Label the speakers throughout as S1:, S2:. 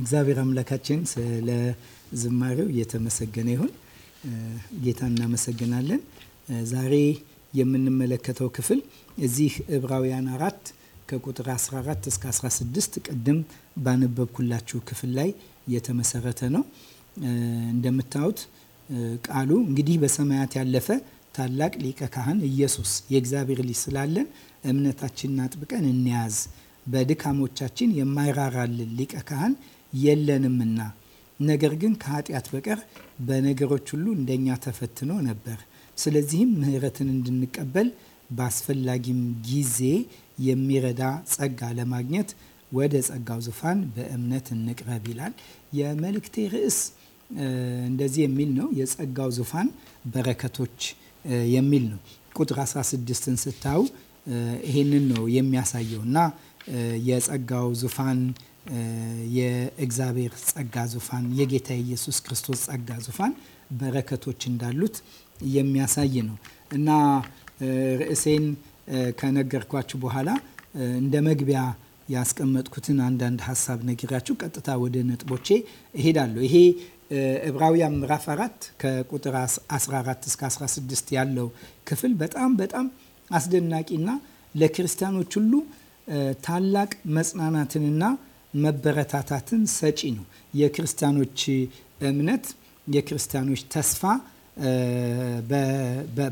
S1: እግዚአብሔር አምላካችን ስለ ዝማሬው እየተመሰገነ ይሁን። ጌታ እናመሰግናለን። ዛሬ የምንመለከተው ክፍል እዚህ ዕብራውያን አራት ከቁጥር 14 እስከ 16 ቅድም ባነበብኩላችሁ ክፍል ላይ የተመሰረተ ነው። እንደምታዩት ቃሉ እንግዲህ በሰማያት ያለፈ ታላቅ ሊቀ ካህን ኢየሱስ የእግዚአብሔር ልጅ ስላለን እምነታችንን አጥብቀን እንያዝ፣ በድካሞቻችን የማይራራልን ሊቀ ካህን የለንምና ነገር ግን ከኃጢአት በቀር በነገሮች ሁሉ እንደኛ ተፈትኖ ነበር። ስለዚህም ምሕረትን እንድንቀበል በአስፈላጊም ጊዜ የሚረዳ ጸጋ ለማግኘት ወደ ጸጋው ዙፋን በእምነት እንቅረብ ይላል። የመልእክቴ ርዕስ እንደዚህ የሚል ነው፣ የጸጋው ዙፋን በረከቶች የሚል ነው። ቁጥር 16ን ስታዩ ይሄንን ነው የሚያሳየው እና የጸጋው ዙፋን የእግዚአብሔር ጸጋ ዙፋን የጌታ የኢየሱስ ክርስቶስ ጸጋ ዙፋን በረከቶች እንዳሉት የሚያሳይ ነው እና ርዕሴን ከነገርኳችሁ በኋላ እንደ መግቢያ ያስቀመጥኩትን አንዳንድ ሀሳብ ነግራችሁ ቀጥታ ወደ ነጥቦቼ እሄዳለሁ። ይሄ ዕብራውያን ምዕራፍ 4 ከቁጥር 14 እስከ 16 ያለው ክፍል በጣም በጣም አስደናቂና ለክርስቲያኖች ሁሉ ታላቅ መጽናናትንና መበረታታትን ሰጪ ነው። የክርስቲያኖች እምነት የክርስቲያኖች ተስፋ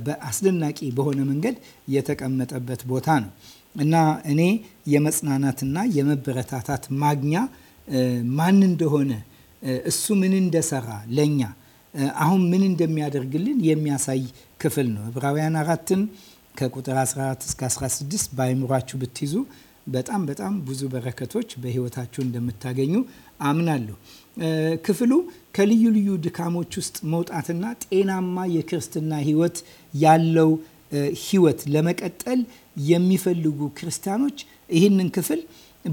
S1: በአስደናቂ በሆነ መንገድ የተቀመጠበት ቦታ ነው እና እኔ የመጽናናትና የመበረታታት ማግኛ ማን እንደሆነ እሱ ምን እንደሰራ ለእኛ አሁን ምን እንደሚያደርግልን የሚያሳይ ክፍል ነው። ዕብራውያን አራትን ከቁጥር 14 እስከ 16 በአይምሯችሁ ብትይዙ በጣም በጣም ብዙ በረከቶች በህይወታችሁ እንደምታገኙ አምናለሁ። ክፍሉ ከልዩ ልዩ ድካሞች ውስጥ መውጣትና ጤናማ የክርስትና ህይወት ያለው ህይወት ለመቀጠል የሚፈልጉ ክርስቲያኖች ይህንን ክፍል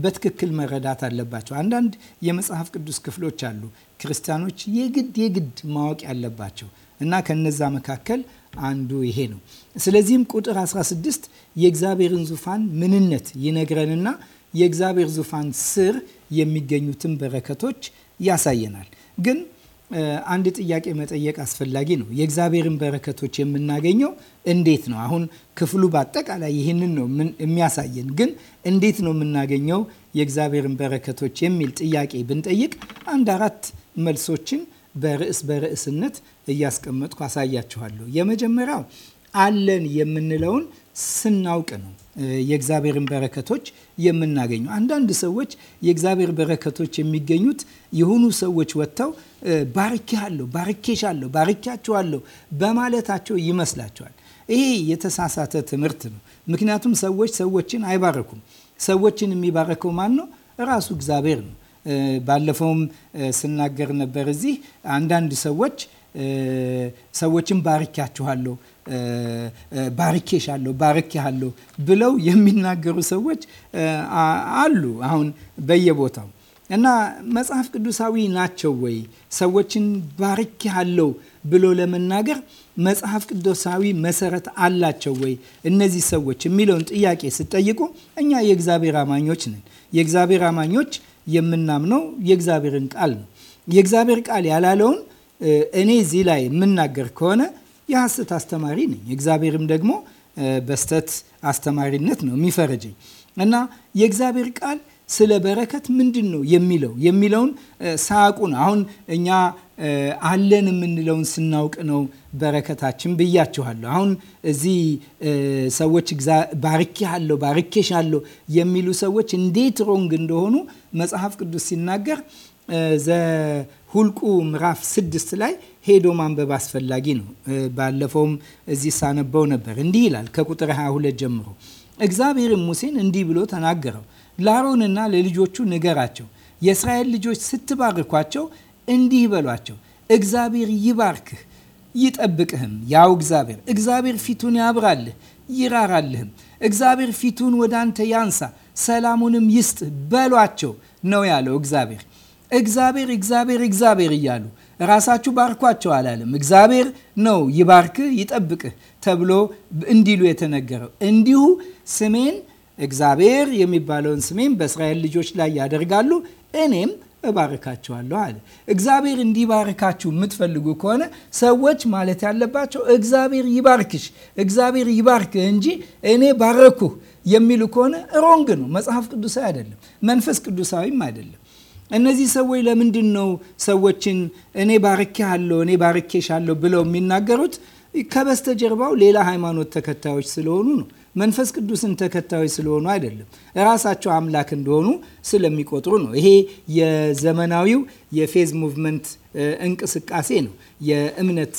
S1: በትክክል መረዳት አለባቸው። አንዳንድ የመጽሐፍ ቅዱስ ክፍሎች አሉ ክርስቲያኖች የግድ የግድ ማወቅ ያለባቸው እና ከነዛ መካከል አንዱ ይሄ ነው። ስለዚህም ቁጥር 16 የእግዚአብሔርን ዙፋን ምንነት ይነግረንና የእግዚአብሔር ዙፋን ስር የሚገኙትን በረከቶች ያሳየናል። ግን አንድ ጥያቄ መጠየቅ አስፈላጊ ነው። የእግዚአብሔርን በረከቶች የምናገኘው እንዴት ነው? አሁን ክፍሉ በአጠቃላይ ይህንን ነው የሚያሳየን። ግን እንዴት ነው የምናገኘው የእግዚአብሔርን በረከቶች የሚል ጥያቄ ብንጠይቅ አንድ አራት መልሶችን በርዕስ በርዕስነት እያስቀመጥኩ አሳያችኋለሁ። የመጀመሪያው አለን የምንለውን ስናውቅ ነው የእግዚአብሔርን በረከቶች የምናገኘው። አንዳንድ ሰዎች የእግዚአብሔር በረከቶች የሚገኙት የሆኑ ሰዎች ወጥተው ባርኬሃለሁ፣ ባርኬሻለሁ፣ ባርኪያችኋለሁ በማለታቸው ይመስላቸዋል። ይሄ የተሳሳተ ትምህርት ነው። ምክንያቱም ሰዎች ሰዎችን አይባረኩም። ሰዎችን የሚባረከው ማን ነው? ራሱ እግዚአብሔር ነው። ባለፈውም ስናገር ነበር። እዚህ አንዳንድ ሰዎች ሰዎችን ባርኪያችኋለሁ፣ ባርኬሻለሁ፣ ባርኬሃለሁ ብለው የሚናገሩ ሰዎች አሉ አሁን በየቦታው እና መጽሐፍ ቅዱሳዊ ናቸው ወይ ሰዎችን ባርኬሃለሁ ብሎ ለመናገር መጽሐፍ ቅዱሳዊ መሰረት አላቸው ወይ እነዚህ ሰዎች የሚለውን ጥያቄ ስጠይቁ፣ እኛ የእግዚአብሔር አማኞች ነን። የእግዚአብሔር አማኞች የምናምነው የእግዚአብሔርን ቃል ነው። የእግዚአብሔር ቃል ያላለውን እኔ እዚህ ላይ የምናገር ከሆነ የሐሰት አስተማሪ ነኝ። እግዚአብሔርም ደግሞ በስተት አስተማሪነት ነው የሚፈረጀኝ እና የእግዚአብሔር ቃል ስለ በረከት ምንድን ነው የሚለው የሚለውን ሳያውቁ ነው። አሁን እኛ አለን የምንለውን ስናውቅ ነው በረከታችን ብያችኋለሁ። አሁን እዚህ ሰዎች ባርኬሃለሁ፣ ባርኬሻለሁ የሚሉ ሰዎች እንዴት ሮንግ እንደሆኑ መጽሐፍ ቅዱስ ሲናገር ዘሁልቁ ምዕራፍ ስድስት ላይ ሄዶ ማንበብ አስፈላጊ ነው። ባለፈውም እዚህ ሳነበው ነበር። እንዲህ ይላል ከቁጥር 22 ጀምሮ እግዚአብሔርም ሙሴን እንዲህ ብሎ ተናገረው ለአሮንና ለልጆቹ ንገራቸው፣ የእስራኤል ልጆች ስትባርኳቸው እንዲህ በሏቸው፣ እግዚአብሔር ይባርክህ ይጠብቅህም። ያው እግዚአብሔር እግዚአብሔር ፊቱን ያብራልህ ይራራልህም። እግዚአብሔር ፊቱን ወደ አንተ ያንሳ ሰላሙንም ይስጥ በሏቸው ነው ያለው እግዚአብሔር እግዚአብሔር እግዚአብሔር እግዚአብሔር እያሉ ራሳችሁ ባርኳቸው አላለም። እግዚአብሔር ነው ይባርክህ ይጠብቅህ ተብሎ እንዲሉ የተነገረው እንዲሁ ስሜን እግዚአብሔር የሚባለውን ስሜም በእስራኤል ልጆች ላይ ያደርጋሉ፣ እኔም እባርካቸዋለሁ አለ። እግዚአብሔር እንዲባርካችሁ የምትፈልጉ ከሆነ ሰዎች ማለት ያለባቸው እግዚአብሔር ይባርክሽ፣ እግዚአብሔር ይባርክ እንጂ እኔ ባረኩ የሚሉ ከሆነ ሮንግ ነው። መጽሐፍ ቅዱሳዊ አይደለም፣ መንፈስ ቅዱሳዊም አይደለም። እነዚህ ሰዎች ለምንድን ነው ሰዎችን እኔ ባርኬሃለሁ፣ እኔ ባርኬሻለሁ ብለው የሚናገሩት? ከበስተጀርባው ሌላ ሃይማኖት ተከታዮች ስለሆኑ ነው። መንፈስ ቅዱስን ተከታዮች ስለሆኑ አይደለም፣ ራሳቸው አምላክ እንደሆኑ ስለሚቆጥሩ ነው። ይሄ የዘመናዊው የፌዝ ሙቭመንት እንቅስቃሴ ነው። የእምነት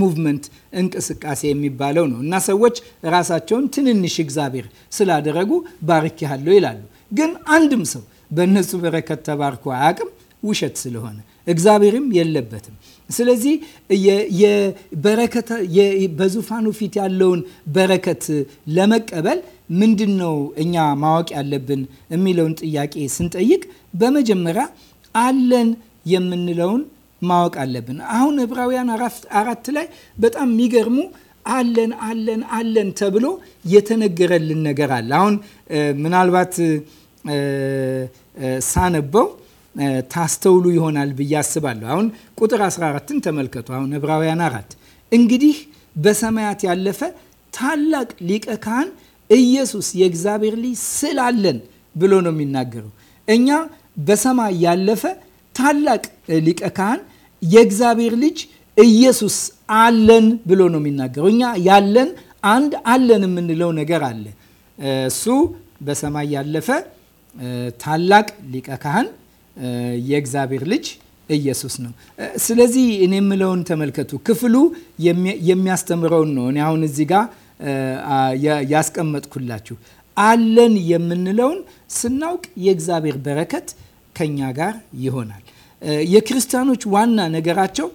S1: ሙቭመንት እንቅስቃሴ የሚባለው ነው እና ሰዎች ራሳቸውን ትንንሽ እግዚአብሔር ስላደረጉ ባርኬሃለሁ ይላሉ። ግን አንድም ሰው በእነሱ በረከት ተባርኮ አያውቅም፣ ውሸት ስለሆነ እግዚአብሔርም የለበትም። ስለዚህ በዙፋኑ ፊት ያለውን በረከት ለመቀበል ምንድን ነው እኛ ማወቅ ያለብን የሚለውን ጥያቄ ስንጠይቅ በመጀመሪያ አለን የምንለውን ማወቅ አለብን። አሁን ዕብራውያን አራት ላይ በጣም የሚገርሙ አለን አለን አለን ተብሎ የተነገረልን ነገር አለ። አሁን ምናልባት ሳነበው ታስተውሉ ይሆናል ብዬ አስባለሁ። አሁን ቁጥር 14ን ተመልከቱ። አሁን ዕብራውያን አራት እንግዲህ በሰማያት ያለፈ ታላቅ ሊቀ ካህን ኢየሱስ የእግዚአብሔር ልጅ ስላለን ብሎ ነው የሚናገረው። እኛ በሰማይ ያለፈ ታላቅ ሊቀ ካህን የእግዚአብሔር ልጅ ኢየሱስ አለን ብሎ ነው የሚናገረው። እኛ ያለን አንድ አለን የምንለው ነገር አለ። እሱ በሰማይ ያለፈ ታላቅ ሊቀ ካህን የእግዚአብሔር ልጅ ኢየሱስ ነው። ስለዚህ እኔ የምለውን ተመልከቱ። ክፍሉ የሚያስተምረውን ነው። እኔ አሁን እዚህ ጋር ያስቀመጥኩላችሁ አለን የምንለውን ስናውቅ የእግዚአብሔር በረከት ከኛ ጋር ይሆናል። የክርስቲያኖች ዋና ነገራቸው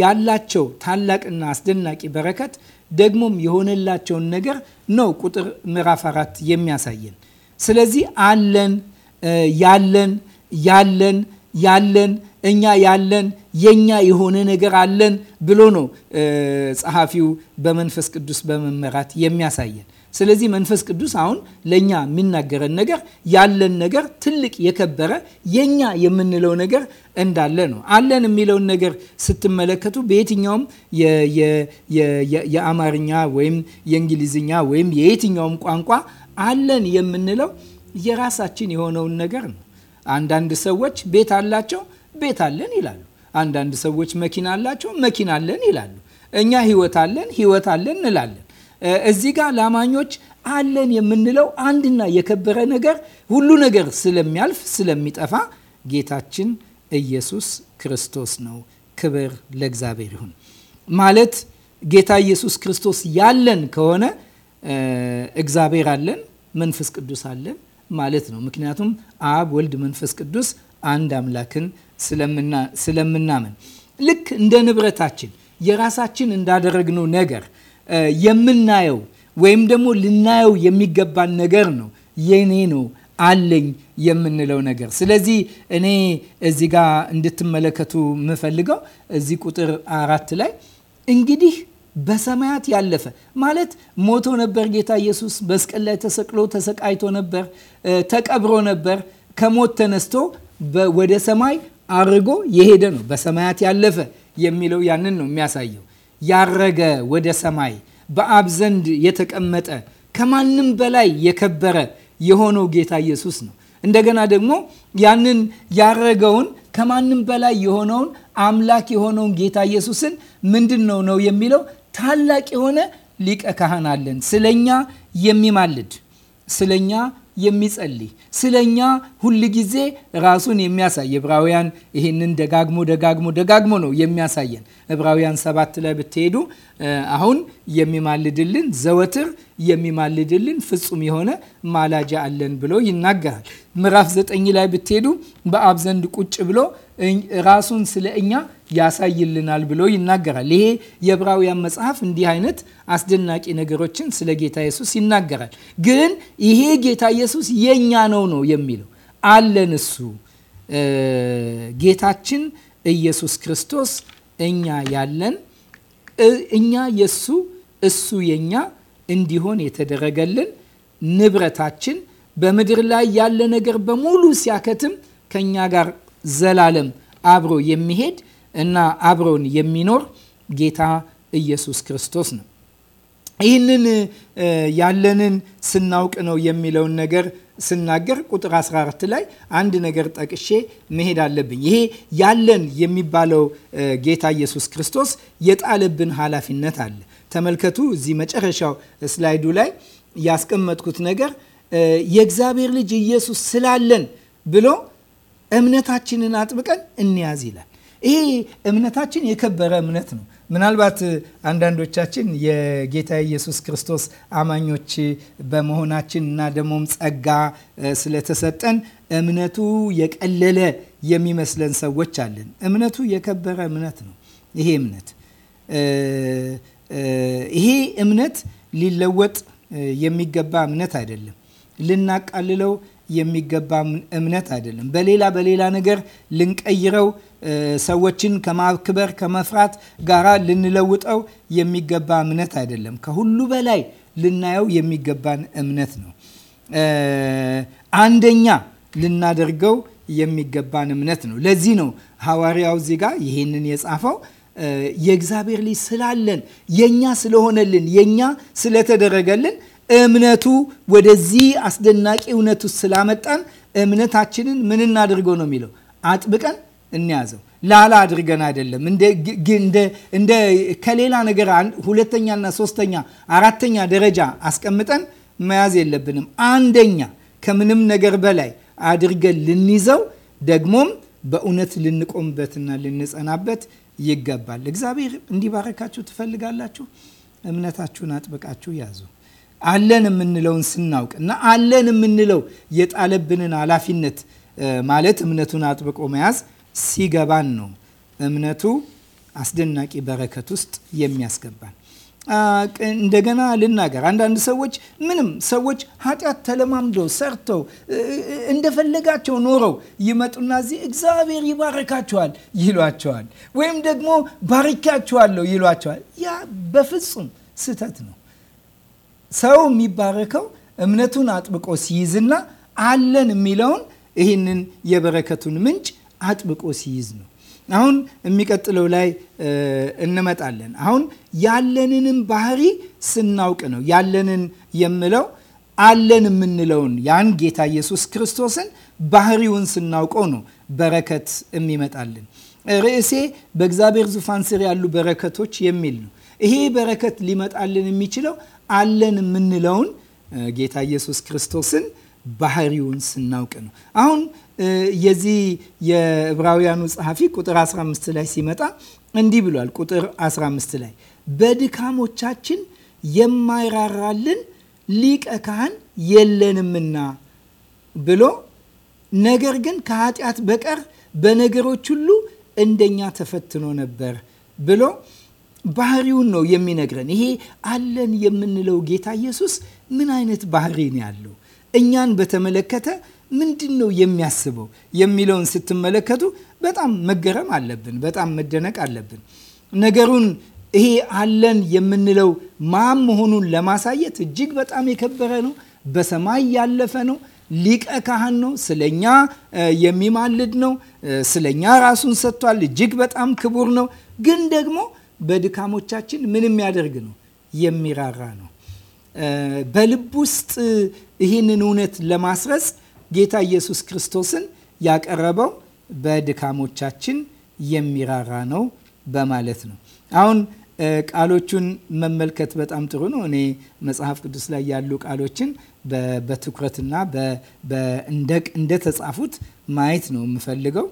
S1: ያላቸው ታላቅና አስደናቂ በረከት ደግሞም የሆነላቸውን ነገር ነው ቁጥር ምዕራፍ አራት የሚያሳየን። ስለዚህ አለን ያለን ያለን ያለን እኛ ያለን የኛ የሆነ ነገር አለን ብሎ ነው ጸሐፊው በመንፈስ ቅዱስ በመመራት የሚያሳየን። ስለዚህ መንፈስ ቅዱስ አሁን ለእኛ የሚናገረን ነገር ያለን ነገር ትልቅ የከበረ የኛ የምንለው ነገር እንዳለ ነው። አለን የሚለውን ነገር ስትመለከቱ በየትኛውም የአማርኛ ወይም የእንግሊዝኛ ወይም የየትኛውም ቋንቋ አለን የምንለው የራሳችን የሆነውን ነገር ነው። አንዳንድ ሰዎች ቤት አላቸው፣ ቤት አለን ይላሉ። አንዳንድ ሰዎች መኪና አላቸው፣ መኪና አለን ይላሉ። እኛ ህይወት አለን፣ ህይወት አለን እንላለን። እዚህ ጋር ላማኞች አለን የምንለው አንድና የከበረ ነገር ሁሉ ነገር ስለሚያልፍ ስለሚጠፋ ጌታችን ኢየሱስ ክርስቶስ ነው። ክብር ለእግዚአብሔር ይሁን። ማለት ጌታ ኢየሱስ ክርስቶስ ያለን ከሆነ እግዚአብሔር አለን፣ መንፈስ ቅዱስ አለን ማለት ነው። ምክንያቱም አብ፣ ወልድ፣ መንፈስ ቅዱስ አንድ አምላክን ስለምናምን ልክ እንደ ንብረታችን የራሳችን እንዳደረግነው ነገር የምናየው ወይም ደግሞ ልናየው የሚገባን ነገር ነው የኔ ነው አለኝ የምንለው ነገር። ስለዚህ እኔ እዚህ ጋር እንድትመለከቱ የምፈልገው እዚህ ቁጥር አራት ላይ እንግዲህ በሰማያት ያለፈ ማለት ሞቶ ነበር። ጌታ ኢየሱስ መስቀል ላይ ተሰቅሎ ተሰቃይቶ ነበር፣ ተቀብሮ ነበር። ከሞት ተነስቶ ወደ ሰማይ አርጎ የሄደ ነው። በሰማያት ያለፈ የሚለው ያንን ነው የሚያሳየው። ያረገ ወደ ሰማይ በአብ ዘንድ የተቀመጠ ከማንም በላይ የከበረ የሆነው ጌታ ኢየሱስ ነው። እንደገና ደግሞ ያንን ያረገውን ከማንም በላይ የሆነውን አምላክ የሆነውን ጌታ ኢየሱስን ምንድን ነው ነው የሚለው ታላቅ የሆነ ሊቀ ካህን አለን። ስለኛ የሚማልድ ስለኛ የሚጸልይ ስለኛ ሁል ጊዜ ራሱን የሚያሳይ ዕብራውያን ይህንን ደጋግሞ ደጋግሞ ደጋግሞ ነው የሚያሳየን። ዕብራውያን ሰባት ላይ ብትሄዱ አሁን የሚማልድልን ዘወትር የሚማልድልን ፍጹም የሆነ ማላጃ አለን ብሎ ይናገራል። ምዕራፍ ዘጠኝ ላይ ብትሄዱ በአብ ዘንድ ቁጭ ብሎ ራሱን ስለ እኛ ያሳይልናል ብሎ ይናገራል። ይሄ የዕብራውያን መጽሐፍ እንዲህ አይነት አስደናቂ ነገሮችን ስለ ጌታ ኢየሱስ ይናገራል። ግን ይሄ ጌታ ኢየሱስ የእኛ ነው ነው የሚለው አለን። እሱ ጌታችን ኢየሱስ ክርስቶስ እኛ ያለን እኛ የሱ እሱ የኛ እንዲሆን የተደረገልን ንብረታችን በምድር ላይ ያለ ነገር በሙሉ ሲያከትም ከእኛ ጋር ዘላለም አብሮ የሚሄድ እና አብሮን የሚኖር ጌታ ኢየሱስ ክርስቶስ ነው። ይህንን ያለንን ስናውቅ ነው የሚለውን ነገር ስናገር ቁጥር 14 ላይ አንድ ነገር ጠቅሼ መሄድ አለብኝ። ይሄ ያለን የሚባለው ጌታ ኢየሱስ ክርስቶስ የጣለብን ኃላፊነት አለ። ተመልከቱ፣ እዚህ መጨረሻው ስላይዱ ላይ ያስቀመጥኩት ነገር የእግዚአብሔር ልጅ ኢየሱስ ስላለን ብሎ እምነታችንን አጥብቀን እንያዝ ይላል። ይሄ እምነታችን የከበረ እምነት ነው። ምናልባት አንዳንዶቻችን የጌታ ኢየሱስ ክርስቶስ አማኞች በመሆናችን እና ደግሞም ጸጋ ስለተሰጠን እምነቱ የቀለለ የሚመስለን ሰዎች አለን። እምነቱ የከበረ እምነት ነው። ይሄ እምነት ይሄ እምነት ሊለወጥ የሚገባ እምነት አይደለም። ልናቃልለው የሚገባ እምነት አይደለም። በሌላ በሌላ ነገር ልንቀይረው ሰዎችን ከማክበር ከመፍራት ጋራ ልንለውጠው የሚገባ እምነት አይደለም። ከሁሉ በላይ ልናየው የሚገባን እምነት ነው። አንደኛ ልናደርገው የሚገባን እምነት ነው። ለዚህ ነው ሐዋርያው እዚህ ጋር ይህንን የጻፈው የእግዚአብሔር ልጅ ስላለን የኛ ስለሆነልን የኛ ስለተደረገልን እምነቱ ወደዚህ አስደናቂ እውነቱ ስላመጣን እምነታችንን ምን እናድርገው ነው የሚለው አጥብቀን እንያዘው። ላላ አድርገን አይደለም እንደ ከሌላ ነገር ሁለተኛና ሶስተኛ አራተኛ ደረጃ አስቀምጠን መያዝ የለብንም። አንደኛ ከምንም ነገር በላይ አድርገን ልንይዘው ደግሞም በእውነት ልንቆምበትና ልንጸናበት ይገባል። እግዚአብሔር እንዲባረካችሁ ትፈልጋላችሁ? እምነታችሁን አጥብቃችሁ ያዙ። አለን የምንለውን ስናውቅ እና አለን የምንለው የጣለብንን ኃላፊነት ማለት እምነቱን አጥብቆ መያዝ ሲገባን ነው እምነቱ አስደናቂ በረከት ውስጥ የሚያስገባን። እንደገና ልናገር፣ አንዳንድ ሰዎች ምንም ሰዎች ኃጢአት ተለማምደው ሰርተው እንደፈለጋቸው ኖረው ይመጡና እዚህ እግዚአብሔር ይባርካቸዋል ይሏቸዋል፣ ወይም ደግሞ ባርኪያችኋለሁ ይሏቸዋል። ያ በፍጹም ስህተት ነው። ሰው የሚባረከው እምነቱን አጥብቆ ሲይዝና አለን የሚለውን ይህንን የበረከቱን ምንጭ አጥብቆ ሲይዝ ነው። አሁን የሚቀጥለው ላይ እንመጣለን። አሁን ያለንንም ባህሪ ስናውቅ ነው ያለንን የምለው አለን የምንለውን ያን ጌታ ኢየሱስ ክርስቶስን ባህሪውን ስናውቀው ነው በረከት የሚመጣልን። ርዕሴ በእግዚአብሔር ዙፋን ስር ያሉ በረከቶች የሚል ነው። ይሄ በረከት ሊመጣልን የሚችለው አለን የምንለውን ጌታ ኢየሱስ ክርስቶስን ባህሪውን ስናውቅ ነው። አሁን የዚህ የዕብራውያኑ ጸሐፊ ቁጥር 15 ላይ ሲመጣ እንዲህ ብሏል። ቁጥር 15 ላይ በድካሞቻችን የማይራራልን ሊቀ ካህን የለንምና ብሎ ነገር ግን ከኃጢአት በቀር በነገሮች ሁሉ እንደኛ ተፈትኖ ነበር ብሎ ባህሪውን ነው የሚነግረን። ይሄ አለን የምንለው ጌታ ኢየሱስ ምን አይነት ባህሪ ነው ያለው? እኛን በተመለከተ ምንድን ነው የሚያስበው የሚለውን ስትመለከቱ በጣም መገረም አለብን፣ በጣም መደነቅ አለብን። ነገሩን ይሄ አለን የምንለው ማን መሆኑን ለማሳየት እጅግ በጣም የከበረ ነው፣ በሰማይ ያለፈ ነው፣ ሊቀ ካህን ነው፣ ስለኛ የሚማልድ ነው፣ ስለኛ ራሱን ሰጥቷል፣ እጅግ በጣም ክቡር ነው። ግን ደግሞ በድካሞቻችን ምን የሚያደርግ ነው? የሚራራ ነው። በልብ ውስጥ ይህንን እውነት ለማስረጽ ጌታ ኢየሱስ ክርስቶስን ያቀረበው በድካሞቻችን የሚራራ ነው በማለት ነው። አሁን ቃሎቹን መመልከት በጣም ጥሩ ነው። እኔ መጽሐፍ ቅዱስ ላይ ያሉ ቃሎችን በትኩረትና እንደተጻፉት ማየት ነው የምፈልገው።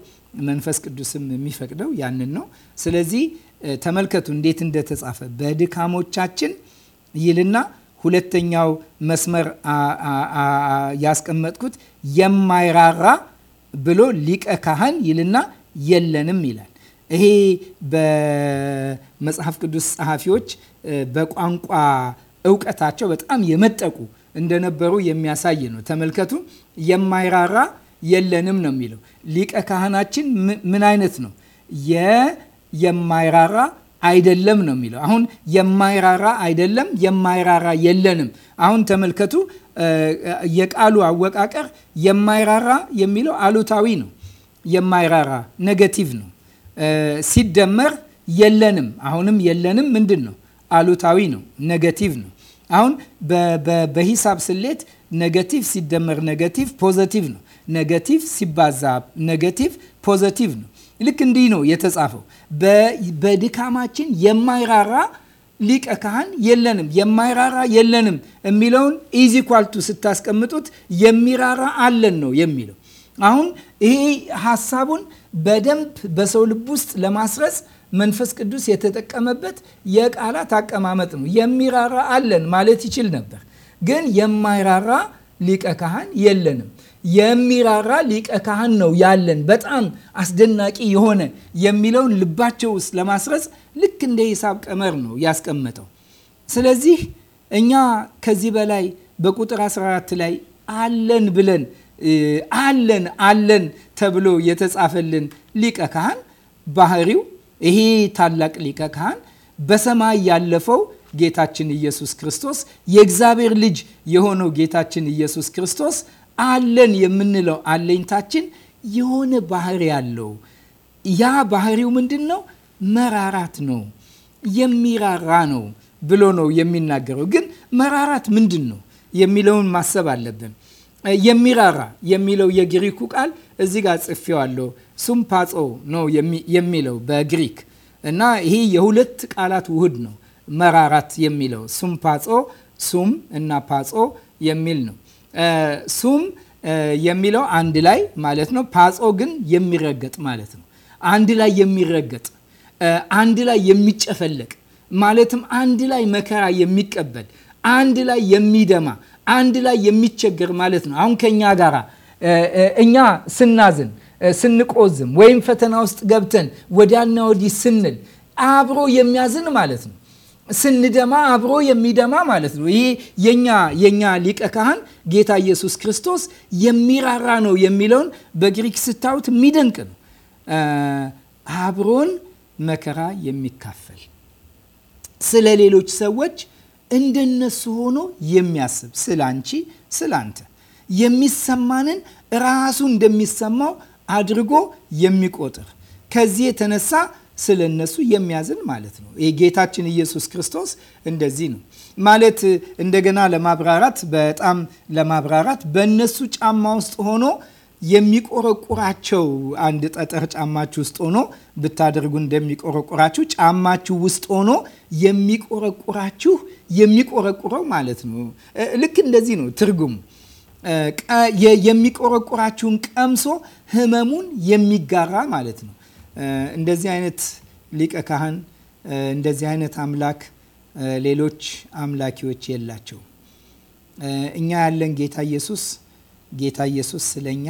S1: መንፈስ ቅዱስም የሚፈቅደው ያንን ነው። ስለዚህ ተመልከቱ እንዴት እንደተጻፈ በድካሞቻችን ይልና ሁለተኛው መስመር ያስቀመጥኩት የማይራራ ብሎ ሊቀ ካህን ይልና የለንም ይላል። ይሄ በመጽሐፍ ቅዱስ ጸሐፊዎች በቋንቋ እውቀታቸው በጣም የመጠቁ እንደነበሩ የሚያሳይ ነው። ተመልከቱ የማይራራ የለንም ነው የሚለው። ሊቀ ካህናችን ምን አይነት ነው? የማይራራ አይደለም ነው የሚለው። አሁን የማይራራ አይደለም፣ የማይራራ የለንም። አሁን ተመልከቱ የቃሉ አወቃቀር የማይራራ የሚለው አሉታዊ ነው። የማይራራ ኔጌቲቭ ነው። ሲደመር የለንም፣ አሁንም የለንም ምንድን ነው? አሉታዊ ነው፣ ኔጌቲቭ ነው። አሁን በሂሳብ ስሌት ኔጌቲቭ ሲደመር ኔጌቲቭ ፖዘቲቭ ነው። ኔጌቲቭ ሲባዛ ኔጌቲቭ ፖዘቲቭ ነው። ልክ እንዲህ ነው የተጻፈው። በድካማችን የማይራራ ሊቀ ካህን የለንም፣ የማይራራ የለንም የሚለውን ኢዚ ኳልቱ ስታስቀምጡት የሚራራ አለን ነው የሚለው። አሁን ይሄ ሀሳቡን በደንብ በሰው ልብ ውስጥ ለማስረጽ መንፈስ ቅዱስ የተጠቀመበት የቃላት አቀማመጥ ነው። የሚራራ አለን ማለት ይችል ነበር፣ ግን የማይራራ ሊቀ ካህን የለንም የሚራራ ሊቀ ካህን ነው ያለን በጣም አስደናቂ የሆነ የሚለውን ልባቸው ውስጥ ለማስረጽ ልክ እንደ ሂሳብ ቀመር ነው ያስቀመጠው። ስለዚህ እኛ ከዚህ በላይ በቁጥር 14 ላይ አለን ብለን አለን አለን ተብሎ የተጻፈልን ሊቀ ካህን ባህሪው ይሄ ታላቅ ሊቀ ካህን በሰማይ ያለፈው ጌታችን ኢየሱስ ክርስቶስ የእግዚአብሔር ልጅ የሆነው ጌታችን ኢየሱስ ክርስቶስ አለን የምንለው አለኝታችን የሆነ ባህሪ ያለው ያ ባህሪው ምንድን ነው? መራራት ነው፣ የሚራራ ነው ብሎ ነው የሚናገረው። ግን መራራት ምንድን ነው የሚለውን ማሰብ አለብን። የሚራራ የሚለው የግሪኩ ቃል እዚህ ጋር ጽፌዋለሁ። ሱምፓጾ ነው የሚለው በግሪክ እና ይሄ የሁለት ቃላት ውህድ ነው። መራራት የሚለው ሱምፓጾ ሱም እና ፓጾ የሚል ነው ሱም የሚለው አንድ ላይ ማለት ነው። ፓጾ ግን የሚረገጥ ማለት ነው። አንድ ላይ የሚረገጥ አንድ ላይ የሚጨፈለቅ ማለትም አንድ ላይ መከራ የሚቀበል አንድ ላይ የሚደማ አንድ ላይ የሚቸገር ማለት ነው። አሁን ከእኛ ጋራ እኛ ስናዝን ስንቆዝም ወይም ፈተና ውስጥ ገብተን ወዲያና ወዲህ ስንል አብሮ የሚያዝን ማለት ነው። ስንደማ አብሮ የሚደማ ማለት ነው። ይሄ የኛ የኛ ሊቀ ካህን ጌታ ኢየሱስ ክርስቶስ የሚራራ ነው የሚለውን በግሪክ ስታዩት የሚደንቅ ነው። አብሮን መከራ የሚካፈል ስለ ሌሎች ሰዎች እንደነሱ ሆኖ የሚያስብ ስለ አንቺ ስለ አንተ የሚሰማንን ራሱ እንደሚሰማው አድርጎ የሚቆጥር ከዚህ የተነሳ ስለ እነሱ የሚያዝን ማለት ነው። የጌታችን ኢየሱስ ክርስቶስ እንደዚህ ነው ማለት እንደገና ለማብራራት በጣም ለማብራራት በእነሱ ጫማ ውስጥ ሆኖ የሚቆረቁራቸው አንድ ጠጠር ጫማችሁ ውስጥ ሆኖ ብታደርጉ እንደሚቆረቁራችሁ ጫማችሁ ውስጥ ሆኖ የሚቆረቁራችሁ የሚቆረቁረው ማለት ነው። ልክ እንደዚህ ነው ትርጉሙ የሚቆረቁራችሁን ቀምሶ ህመሙን የሚጋራ ማለት ነው። እንደዚህ አይነት ሊቀ ካህን፣ እንደዚህ አይነት አምላክ ሌሎች አምላኪዎች የላቸው። እኛ ያለን ጌታ ኢየሱስ ጌታ ኢየሱስ ስለኛ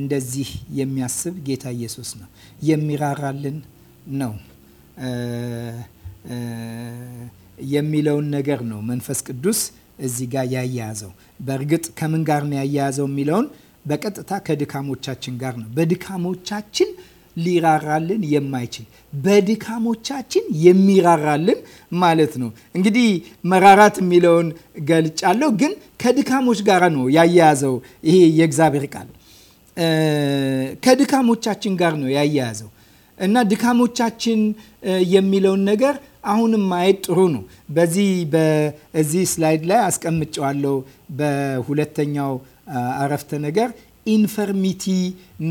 S1: እንደዚህ የሚያስብ ጌታ ኢየሱስ ነው። የሚራራልን ነው የሚለውን ነገር ነው መንፈስ ቅዱስ እዚህ ጋር ያያያዘው። በእርግጥ ከምን ጋር ነው ያያያዘው የሚለውን በቀጥታ ከድካሞቻችን ጋር ነው። በድካሞቻችን ሊራራልን የማይችል በድካሞቻችን የሚራራልን ማለት ነው። እንግዲህ መራራት የሚለውን ገልጫለሁ፣ ግን ከድካሞች ጋር ነው ያያያዘው። ይሄ የእግዚአብሔር ቃል ከድካሞቻችን ጋር ነው ያያያዘው እና ድካሞቻችን የሚለውን ነገር አሁንም ማየት ጥሩ ነው። በዚህ በዚህ ስላይድ ላይ አስቀምጨዋለሁ በሁለተኛው አረፍተ ነገር ኢንፈርሚቲ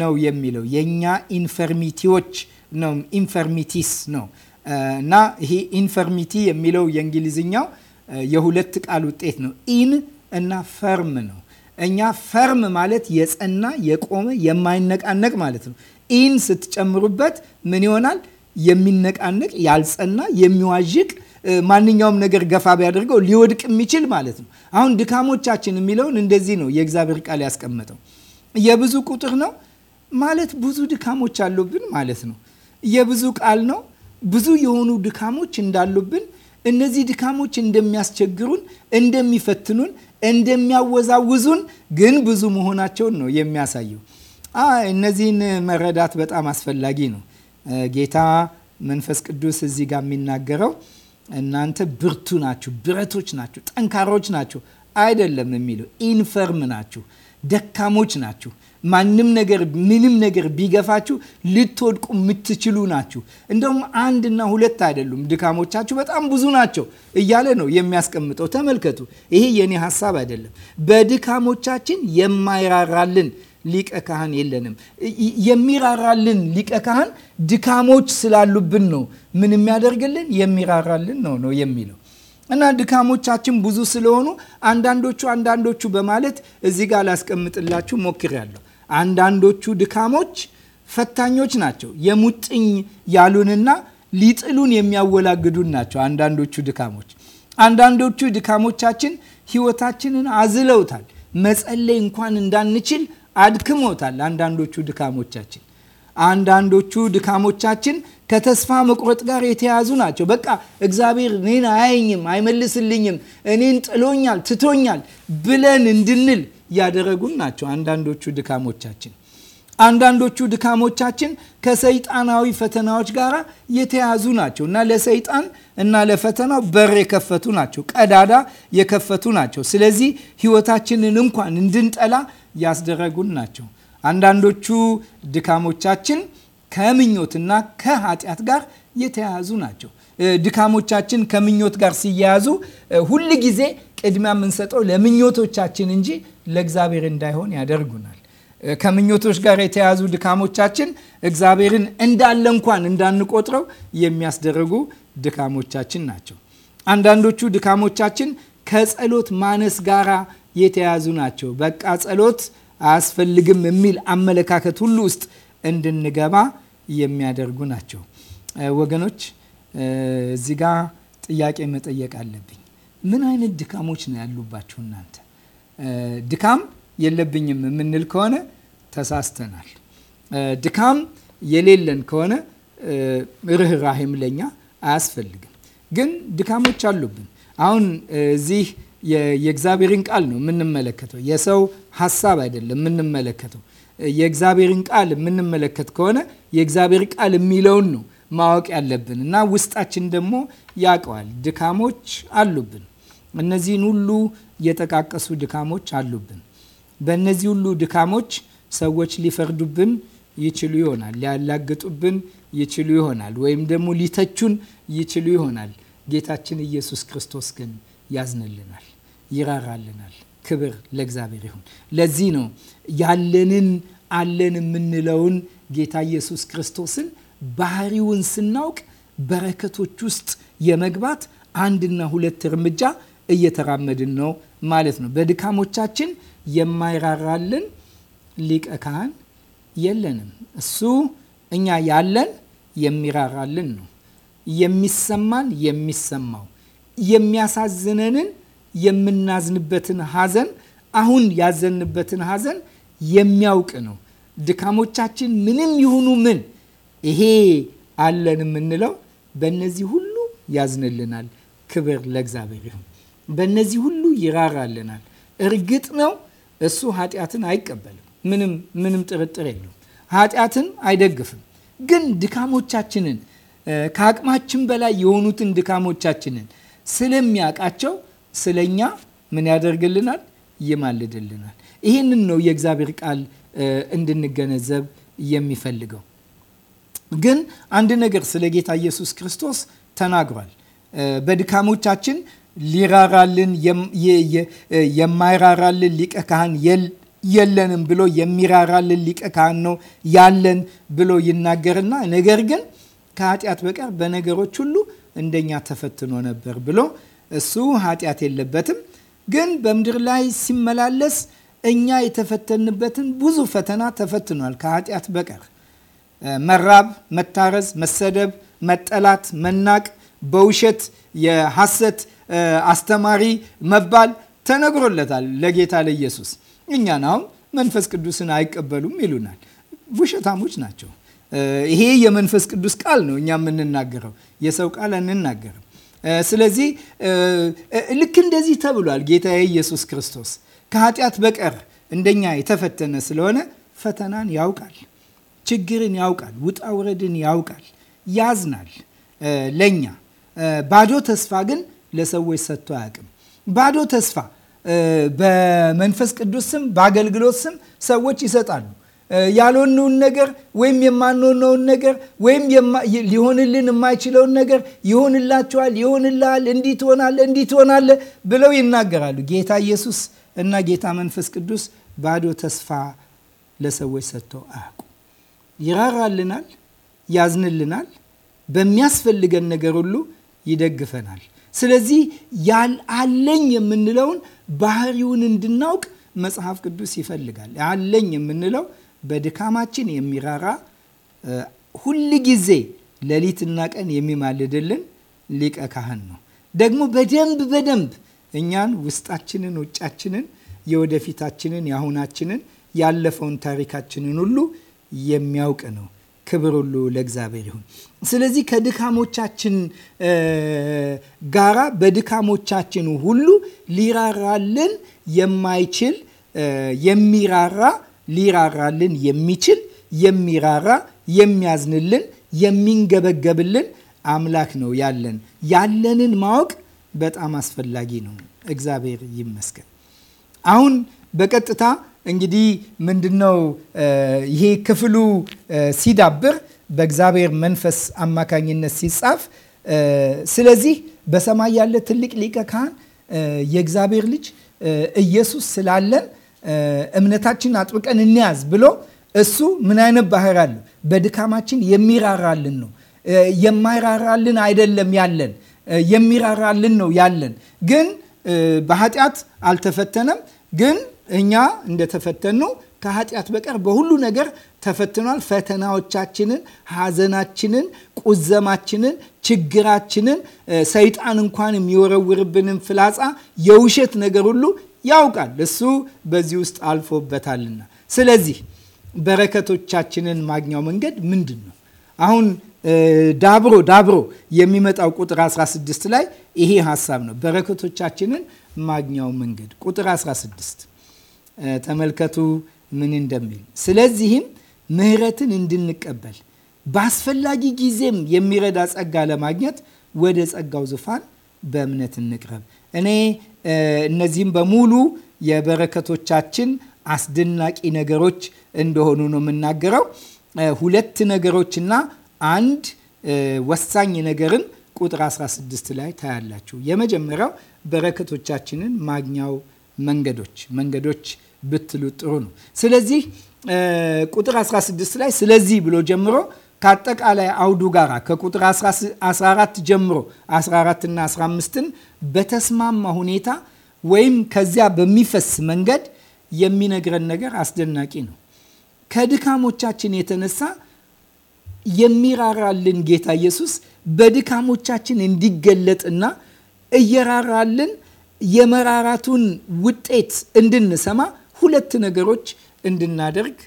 S1: ነው የሚለው የእኛ ኢንፈርሚቲዎች ነው ኢንፈርሚቲስ ነው እና ይሄ ኢንፈርሚቲ የሚለው የእንግሊዝኛው የሁለት ቃል ውጤት ነው። ኢን እና ፈርም ነው። እኛ ፈርም ማለት የጸና የቆመ የማይነቃነቅ ማለት ነው። ኢን ስትጨምሩበት ምን ይሆናል? የሚነቃነቅ ያልጸና፣ የሚዋዥቅ ማንኛውም ነገር ገፋ ቢያደርገው ሊወድቅ የሚችል ማለት ነው። አሁን ድካሞቻችን የሚለውን እንደዚህ ነው የእግዚአብሔር ቃል ያስቀመጠው የብዙ ቁጥር ነው ማለት ብዙ ድካሞች አሉብን ማለት ነው። የብዙ ቃል ነው ብዙ የሆኑ ድካሞች እንዳሉብን እነዚህ ድካሞች እንደሚያስቸግሩን፣ እንደሚፈትኑን፣ እንደሚያወዛውዙን ግን ብዙ መሆናቸውን ነው የሚያሳየው። እነዚህን መረዳት በጣም አስፈላጊ ነው። ጌታ መንፈስ ቅዱስ እዚህ ጋር የሚናገረው እናንተ ብርቱ ናችሁ፣ ብረቶች ናችሁ፣ ጠንካሮች ናችሁ አይደለም የሚለው ኢንፈርም ናችሁ ደካሞች ናችሁ። ማንም ነገር ምንም ነገር ቢገፋችሁ ልትወድቁ የምትችሉ ናችሁ። እንደውም አንድና ሁለት አይደሉም፣ ድካሞቻችሁ በጣም ብዙ ናቸው እያለ ነው የሚያስቀምጠው። ተመልከቱ፣ ይሄ የኔ ሀሳብ አይደለም። በድካሞቻችን የማይራራልን ሊቀ ካህን የለንም። የሚራራልን ሊቀ ካህን ድካሞች ስላሉብን ነው ምን የሚያደርግልን የሚራራልን ነው ነው የሚለው እና ድካሞቻችን ብዙ ስለሆኑ አንዳንዶቹ አንዳንዶቹ በማለት እዚህ ጋር ላስቀምጥላችሁ ሞክሬያለሁ። አንዳንዶቹ ድካሞች ፈታኞች ናቸው። የሙጥኝ ያሉንና ሊጥሉን የሚያወላግዱን ናቸው። አንዳንዶቹ ድካሞች አንዳንዶቹ ድካሞቻችን ሕይወታችንን አዝለውታል። መጸለይ እንኳን እንዳንችል አድክሞታል። አንዳንዶቹ ድካሞቻችን አንዳንዶቹ ድካሞቻችን ከተስፋ መቁረጥ ጋር የተያዙ ናቸው። በቃ እግዚአብሔር እኔን አያየኝም፣ አይመልስልኝም፣ እኔን ጥሎኛል፣ ትቶኛል ብለን እንድንል ያደረጉን ናቸው አንዳንዶቹ ድካሞቻችን። አንዳንዶቹ ድካሞቻችን ከሰይጣናዊ ፈተናዎች ጋር የተያዙ ናቸው እና ለሰይጣን እና ለፈተናው በር የከፈቱ ናቸው፣ ቀዳዳ የከፈቱ ናቸው። ስለዚህ ሕይወታችንን እንኳን እንድንጠላ ያስደረጉን ናቸው። አንዳንዶቹ ድካሞቻችን ከምኞትና ከኃጢአት ጋር የተያያዙ ናቸው። ድካሞቻችን ከምኞት ጋር ሲያያዙ ሁል ጊዜ ቅድሚያ የምንሰጠው ለምኞቶቻችን እንጂ ለእግዚአብሔር እንዳይሆን ያደርጉናል። ከምኞቶች ጋር የተያያዙ ድካሞቻችን እግዚአብሔርን እንዳለ እንኳን እንዳንቆጥረው የሚያስደርጉ ድካሞቻችን ናቸው። አንዳንዶቹ ድካሞቻችን ከጸሎት ማነስ ጋር የተያያዙ ናቸው። በቃ ጸሎት አያስፈልግም የሚል አመለካከት ሁሉ ውስጥ እንድንገባ የሚያደርጉ ናቸው። ወገኖች እዚህ ጋ ጥያቄ መጠየቅ አለብኝ። ምን አይነት ድካሞች ነው ያሉባችሁ እናንተ? ድካም የለብኝም የምንል ከሆነ ተሳስተናል። ድካም የሌለን ከሆነ ርኅራሄም ለኛ አያስፈልግም። ግን ድካሞች አሉብን። አሁን እዚህ የእግዚአብሔርን ቃል ነው የምንመለከተው፣ የሰው ሀሳብ አይደለም የምንመለከተው የእግዚአብሔርን ቃል የምንመለከት ከሆነ የእግዚአብሔር ቃል የሚለውን ነው ማወቅ ያለብን እና ውስጣችን ደግሞ ያውቀዋል። ድካሞች አሉብን። እነዚህን ሁሉ የጠቃቀሱ ድካሞች አሉብን። በእነዚህ ሁሉ ድካሞች ሰዎች ሊፈርዱብን ይችሉ ይሆናል፣ ሊያላግጡብን ይችሉ ይሆናል፣ ወይም ደግሞ ሊተቹን ይችሉ ይሆናል። ጌታችን ኢየሱስ ክርስቶስ ግን ያዝንልናል፣ ይራራልናል። ክብር ለእግዚአብሔር ይሁን። ለዚህ ነው ያለንን አለን የምንለውን ጌታ ኢየሱስ ክርስቶስን ባህሪውን ስናውቅ በረከቶች ውስጥ የመግባት አንድና ሁለት እርምጃ እየተራመድን ነው ማለት ነው። በድካሞቻችን የማይራራልን ሊቀ ካህን የለንም። እሱ እኛ ያለን የሚራራልን ነው። የሚሰማን የሚሰማው የሚያሳዝነንን የምናዝንበትን ሐዘን አሁን ያዘንበትን ሐዘን የሚያውቅ ነው። ድካሞቻችን ምንም ይሁኑ ምን ይሄ አለን የምንለው በእነዚህ ሁሉ ያዝንልናል። ክብር ለእግዚአብሔር ይሁን። በእነዚህ ሁሉ ይራራልናል። እርግጥ ነው እሱ ኃጢአትን አይቀበልም። ምንም ምንም ጥርጥር የለውም። ኃጢአትን አይደግፍም። ግን ድካሞቻችንን ከአቅማችን በላይ የሆኑትን ድካሞቻችንን ስለሚያውቃቸው ስለኛ ምን ያደርግልናል? ይማልድልናል። ይህንን ነው የእግዚአብሔር ቃል እንድንገነዘብ የሚፈልገው። ግን አንድ ነገር ስለ ጌታ ኢየሱስ ክርስቶስ ተናግሯል። በድካሞቻችን ሊራራልን የማይራራልን ሊቀ ካህን የለንም ብሎ የሚራራልን ሊቀ ካህን ነው ያለን ብሎ ይናገርና ነገር ግን ከኃጢአት በቀር በነገሮች ሁሉ እንደኛ ተፈትኖ ነበር ብሎ እሱ ኃጢአት የለበትም። ግን በምድር ላይ ሲመላለስ እኛ የተፈተንበትን ብዙ ፈተና ተፈትኗል። ከኃጢአት በቀር መራብ፣ መታረዝ፣ መሰደብ፣ መጠላት፣ መናቅ፣ በውሸት የሐሰት አስተማሪ መባል ተነግሮለታል ለጌታ ለኢየሱስ። እኛን አሁን መንፈስ ቅዱስን አይቀበሉም ይሉናል። ውሸታሞች ናቸው። ይሄ የመንፈስ ቅዱስ ቃል ነው። እኛ የምንናገረው የሰው ቃል አንናገርም። ስለዚህ ልክ እንደዚህ ተብሏል። ጌታ ኢየሱስ ክርስቶስ ከኃጢአት በቀር እንደኛ የተፈተነ ስለሆነ ፈተናን ያውቃል፣ ችግርን ያውቃል፣ ውጣ ውረድን ያውቃል፣ ያዝናል ለእኛ ባዶ ተስፋ ግን ለሰዎች ሰጥቶ አያውቅም። ባዶ ተስፋ በመንፈስ ቅዱስ ስም በአገልግሎት ስም ሰዎች ይሰጣሉ። ያልሆነውን ነገር ወይም የማንሆነውን ነገር ወይም ሊሆንልን የማይችለውን ነገር ይሆንላችኋል፣ ይሆንልሃል፣ እንዲህ ትሆናለህ፣ እንዲህ ትሆናለህ ብለው ይናገራሉ። ጌታ ኢየሱስ እና ጌታ መንፈስ ቅዱስ ባዶ ተስፋ ለሰዎች ሰጥተው አያውቁ። ይራራልናል፣ ያዝንልናል፣ በሚያስፈልገን ነገር ሁሉ ይደግፈናል። ስለዚህ አለኝ የምንለውን ባህሪውን እንድናውቅ መጽሐፍ ቅዱስ ይፈልጋል። አለኝ የምንለው በድካማችን የሚራራ ሁል ጊዜ ሌሊትና ቀን የሚማልድልን ሊቀ ካህን ነው። ደግሞ በደንብ በደንብ እኛን ውስጣችንን፣ ውጫችንን፣ የወደፊታችንን፣ የአሁናችንን፣ ያለፈውን ታሪካችንን ሁሉ የሚያውቅ ነው። ክብር ሁሉ ለእግዚአብሔር ይሁን። ስለዚህ ከድካሞቻችን ጋራ በድካሞቻችን ሁሉ ሊራራልን የማይችል የሚራራ ሊራራልን የሚችል የሚራራ የሚያዝንልን የሚንገበገብልን አምላክ ነው ያለን። ያለንን ማወቅ በጣም አስፈላጊ ነው። እግዚአብሔር ይመስገን። አሁን በቀጥታ እንግዲህ ምንድነው ይሄ ክፍሉ ሲዳብር በእግዚአብሔር መንፈስ አማካኝነት ሲጻፍ፣ ስለዚህ በሰማይ ያለ ትልቅ ሊቀ ካህን የእግዚአብሔር ልጅ ኢየሱስ ስላለን እምነታችን አጥብቀን እንያዝ ብሎ እሱ ምን አይነት ባህር አለ? በድካማችን የሚራራልን ነው። የማይራራልን አይደለም ያለን፣ የሚራራልን ነው ያለን። ግን በኃጢአት አልተፈተነም። ግን እኛ እንደተፈተን ነው ከኃጢአት በቀር በሁሉ ነገር ተፈትኗል። ፈተናዎቻችንን፣ ሐዘናችንን፣ ቁዘማችንን፣ ችግራችንን ሰይጣን እንኳን የሚወረውርብንን ፍላጻ የውሸት ነገር ሁሉ ያውቃል፣ እሱ በዚህ ውስጥ አልፎበታልና። ስለዚህ በረከቶቻችንን ማግኛው መንገድ ምንድን ነው? አሁን ዳብሮ ዳብሮ የሚመጣው ቁጥር 16 ላይ ይሄ ሀሳብ ነው። በረከቶቻችንን ማግኛው መንገድ ቁጥር 16 ተመልከቱ ምን እንደሚል። ስለዚህም ምሕረትን እንድንቀበል በአስፈላጊ ጊዜም የሚረዳ ጸጋ ለማግኘት ወደ ጸጋው ዙፋን በእምነት እንቅረብ። እኔ እነዚህም በሙሉ የበረከቶቻችን አስደናቂ ነገሮች እንደሆኑ ነው የምናገረው። ሁለት ነገሮችና አንድ ወሳኝ ነገርን ቁጥር 16 ላይ ታያላችሁ። የመጀመሪያው በረከቶቻችንን ማግኛው መንገዶች መንገዶች ብትሉ ጥሩ ነው። ስለዚህ ቁጥር 16 ላይ ስለዚህ ብሎ ጀምሮ ከአጠቃላይ አውዱ ጋራ ከቁጥር 14 ጀምሮ 14 እና 15ን በተስማማ ሁኔታ ወይም ከዚያ በሚፈስ መንገድ የሚነግረን ነገር አስደናቂ ነው። ከድካሞቻችን የተነሳ የሚራራልን ጌታ ኢየሱስ በድካሞቻችን እንዲገለጥና እየራራልን የመራራቱን ውጤት እንድንሰማ ሁለት ነገሮች እንድናደርግ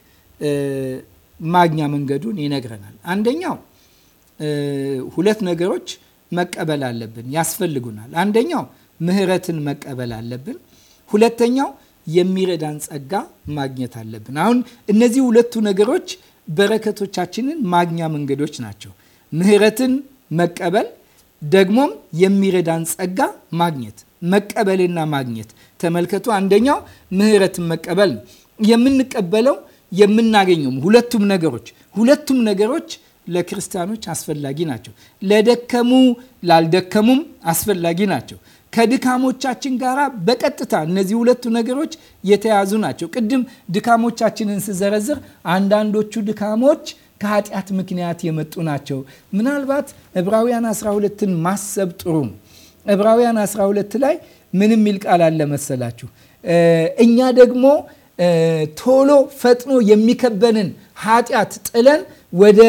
S1: ማግኛ መንገዱን ይነግረናል። አንደኛው ሁለት ነገሮች መቀበል አለብን፣ ያስፈልጉናል። አንደኛው ምሕረትን መቀበል አለብን። ሁለተኛው የሚረዳን ጸጋ ማግኘት አለብን። አሁን እነዚህ ሁለቱ ነገሮች በረከቶቻችንን ማግኛ መንገዶች ናቸው። ምሕረትን መቀበል ደግሞም የሚረዳን ጸጋ ማግኘት መቀበልና ማግኘት። ተመልከቱ፣ አንደኛው ምሕረትን መቀበል ነው። የምንቀበለው የምናገኘውም ሁለቱም ነገሮች ሁለቱም ነገሮች ለክርስቲያኖች አስፈላጊ ናቸው። ለደከሙ ላልደከሙም አስፈላጊ ናቸው። ከድካሞቻችን ጋር በቀጥታ እነዚህ ሁለቱ ነገሮች የተያዙ ናቸው። ቅድም ድካሞቻችንን ስዘረዝር አንዳንዶቹ ድካሞች ከኃጢአት ምክንያት የመጡ ናቸው። ምናልባት ዕብራውያን 12ን ማሰብ ጥሩ ነው። ዕብራውያን 12 ላይ ምንም ይልቃል አለ መሰላችሁ እኛ ደግሞ ቶሎ ፈጥኖ የሚከበንን ኃጢአት ጥለን ወደ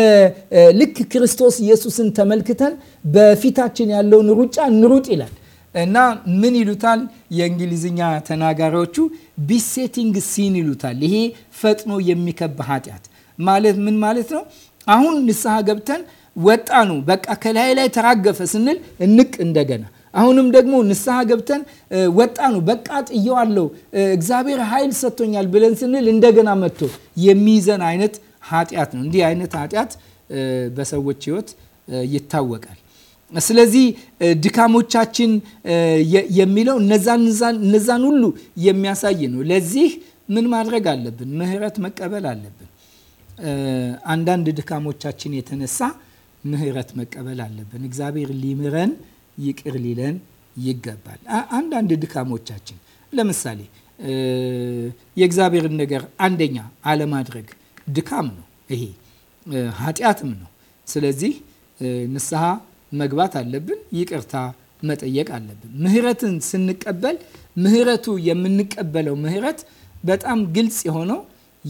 S1: ልክ ክርስቶስ ኢየሱስን ተመልክተን በፊታችን ያለውን ሩጫ እንሩጥ ይላል እና ምን ይሉታል የእንግሊዝኛ ተናጋሪዎቹ ቢሴቲንግ ሲን ይሉታል። ይሄ ፈጥኖ የሚከብ ኃጢአት ማለት ምን ማለት ነው? አሁን ንስሐ ገብተን ወጣኑ በቃ ከላይ ላይ ተራገፈ ስንል እንቅ እንደገና አሁንም ደግሞ ንስሐ ገብተን ወጣኑ በቃ ጥየዋለሁ እግዚአብሔር ኃይል ሰጥቶኛል ብለን ስንል እንደገና መጥቶ የሚይዘን አይነት ኃጢአት ነው። እንዲህ አይነት ኃጢአት በሰዎች ህይወት ይታወቃል። ስለዚህ ድካሞቻችን የሚለው እነዛን ሁሉ የሚያሳይ ነው። ለዚህ ምን ማድረግ አለብን? ምህረት መቀበል አለብን። አንዳንድ ድካሞቻችን የተነሳ ምህረት መቀበል አለብን። እግዚአብሔር ሊምረን ይቅር ሊለን ይገባል። አንዳንድ ድካሞቻችን ለምሳሌ የእግዚአብሔርን ነገር አንደኛ አለማድረግ ድካም ነው። ይሄ ኃጢአትም ነው። ስለዚህ ንስሐ መግባት አለብን። ይቅርታ መጠየቅ አለብን። ምህረትን ስንቀበል ምህረቱ የምንቀበለው ምህረት በጣም ግልጽ የሆነው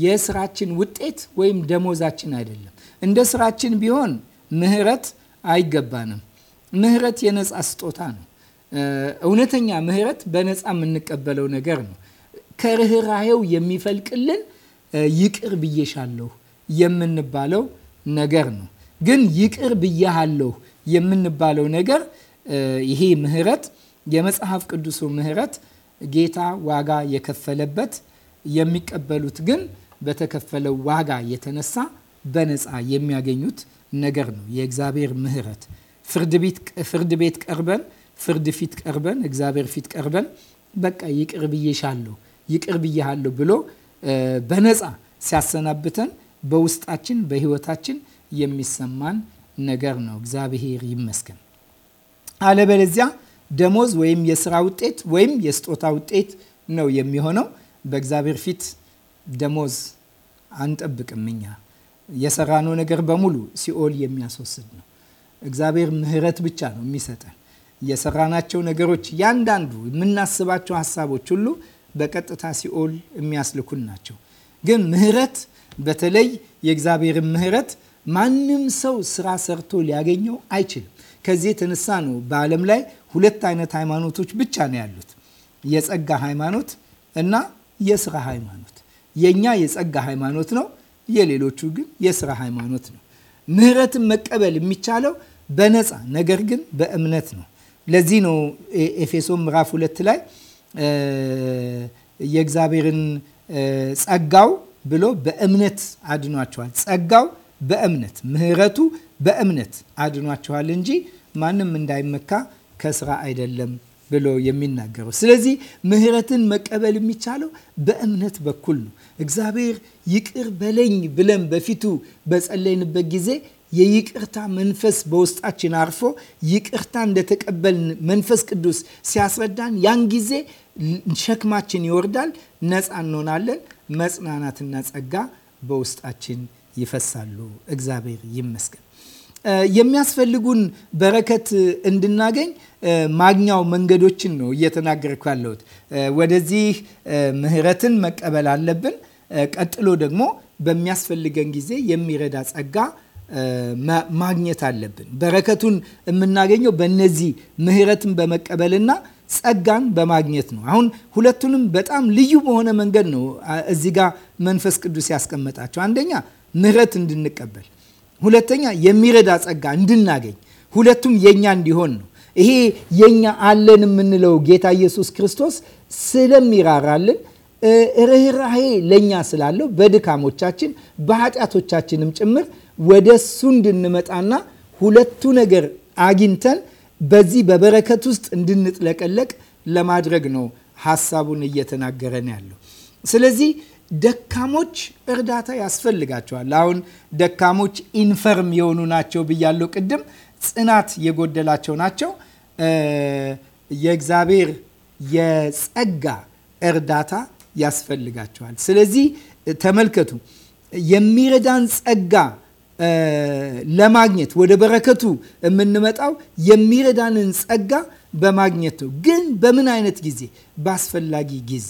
S1: የስራችን ውጤት ወይም ደሞዛችን አይደለም። እንደ ስራችን ቢሆን ምህረት አይገባንም። ምህረት የነፃ ስጦታ ነው። እውነተኛ ምህረት በነፃ የምንቀበለው ነገር ነው። ከርኅራሄው የሚፈልቅልን ይቅር ብዬሻለሁ የምንባለው ነገር ነው። ግን ይቅር ብያሃለሁ የምንባለው ነገር ይሄ ምህረት የመጽሐፍ ቅዱሱ ምህረት ጌታ ዋጋ የከፈለበት የሚቀበሉት ግን በተከፈለው ዋጋ የተነሳ በነፃ የሚያገኙት ነገር ነው የእግዚአብሔር ምህረት ፍርድ ቤት ቀርበን ፍርድ ፊት ቀርበን እግዚአብሔር ፊት ቀርበን በቃ ይቅር ብዬሻለሁ ይቅር ብዬሃለሁ ብሎ በነፃ ሲያሰናብተን በውስጣችን በህይወታችን የሚሰማን ነገር ነው። እግዚአብሔር ይመስገን። አለበለዚያ ደሞዝ ወይም የስራ ውጤት ወይም የስጦታ ውጤት ነው የሚሆነው። በእግዚአብሔር ፊት ደሞዝ አንጠብቅም እኛ የሰራነው ነገር በሙሉ ሲኦል የሚያስወስድ ነው። እግዚአብሔር ምሕረት ብቻ ነው የሚሰጠን። የሰራናቸው ነገሮች ያንዳንዱ የምናስባቸው ሀሳቦች ሁሉ በቀጥታ ሲኦል የሚያስልኩን ናቸው። ግን ምሕረት በተለይ የእግዚአብሔርን ምሕረት ማንም ሰው ስራ ሰርቶ ሊያገኘው አይችልም። ከዚህ የተነሳ ነው በዓለም ላይ ሁለት አይነት ሃይማኖቶች ብቻ ነው ያሉት፣ የጸጋ ሃይማኖት እና የስራ ሃይማኖት። የእኛ የጸጋ ሃይማኖት ነው፣ የሌሎቹ ግን የስራ ሃይማኖት ነው። ምሕረትን መቀበል የሚቻለው በነፃ ነገር ግን በእምነት ነው። ለዚህ ነው ኤፌሶን ምዕራፍ ሁለት ላይ የእግዚአብሔርን ጸጋው ብሎ በእምነት አድኗቸዋል። ጸጋው በእምነት ምሕረቱ በእምነት አድኗቸዋል እንጂ ማንም እንዳይመካ ከስራ አይደለም ብሎ የሚናገረው። ስለዚህ ምሕረትን መቀበል የሚቻለው በእምነት በኩል ነው። እግዚአብሔር ይቅር በለኝ ብለን በፊቱ በጸለይንበት ጊዜ የይቅርታ መንፈስ በውስጣችን አርፎ ይቅርታ እንደተቀበልን መንፈስ ቅዱስ ሲያስረዳን ያን ጊዜ ሸክማችን ይወርዳል፣ ነፃ እንሆናለን። መጽናናትና ጸጋ በውስጣችን ይፈሳሉ። እግዚአብሔር ይመስገን። የሚያስፈልጉን በረከት እንድናገኝ ማግኛው መንገዶችን ነው እየተናገርኩ ያለሁት። ወደዚህ ምሕረትን መቀበል አለብን። ቀጥሎ ደግሞ በሚያስፈልገን ጊዜ የሚረዳ ጸጋ ማግኘት አለብን። በረከቱን የምናገኘው በእነዚህ ምህረትን በመቀበልና ጸጋን በማግኘት ነው። አሁን ሁለቱንም በጣም ልዩ በሆነ መንገድ ነው እዚህ ጋር መንፈስ ቅዱስ ያስቀመጣቸው። አንደኛ ምህረት እንድንቀበል፣ ሁለተኛ የሚረዳ ጸጋ እንድናገኝ፣ ሁለቱም የኛ እንዲሆን ነው። ይሄ የኛ አለን የምንለው ጌታ ኢየሱስ ክርስቶስ ስለሚራራልን ርኅራሄ ለእኛ ስላለው በድካሞቻችን በኃጢአቶቻችንም ጭምር ወደ እሱ እንድንመጣና ሁለቱ ነገር አግኝተን በዚህ በበረከት ውስጥ እንድንጥለቀለቅ ለማድረግ ነው ሀሳቡን እየተናገረን ያለው። ስለዚህ ደካሞች እርዳታ ያስፈልጋቸዋል። አሁን ደካሞች ኢንፈርም የሆኑ ናቸው ብያለው ቅድም፣ ጽናት የጎደላቸው ናቸው። የእግዚአብሔር የጸጋ እርዳታ ያስፈልጋቸዋል። ስለዚህ ተመልከቱ የሚረዳን ጸጋ ለማግኘት ወደ በረከቱ የምንመጣው የሚረዳንን ጸጋ በማግኘት ነው። ግን በምን አይነት ጊዜ? በአስፈላጊ ጊዜ።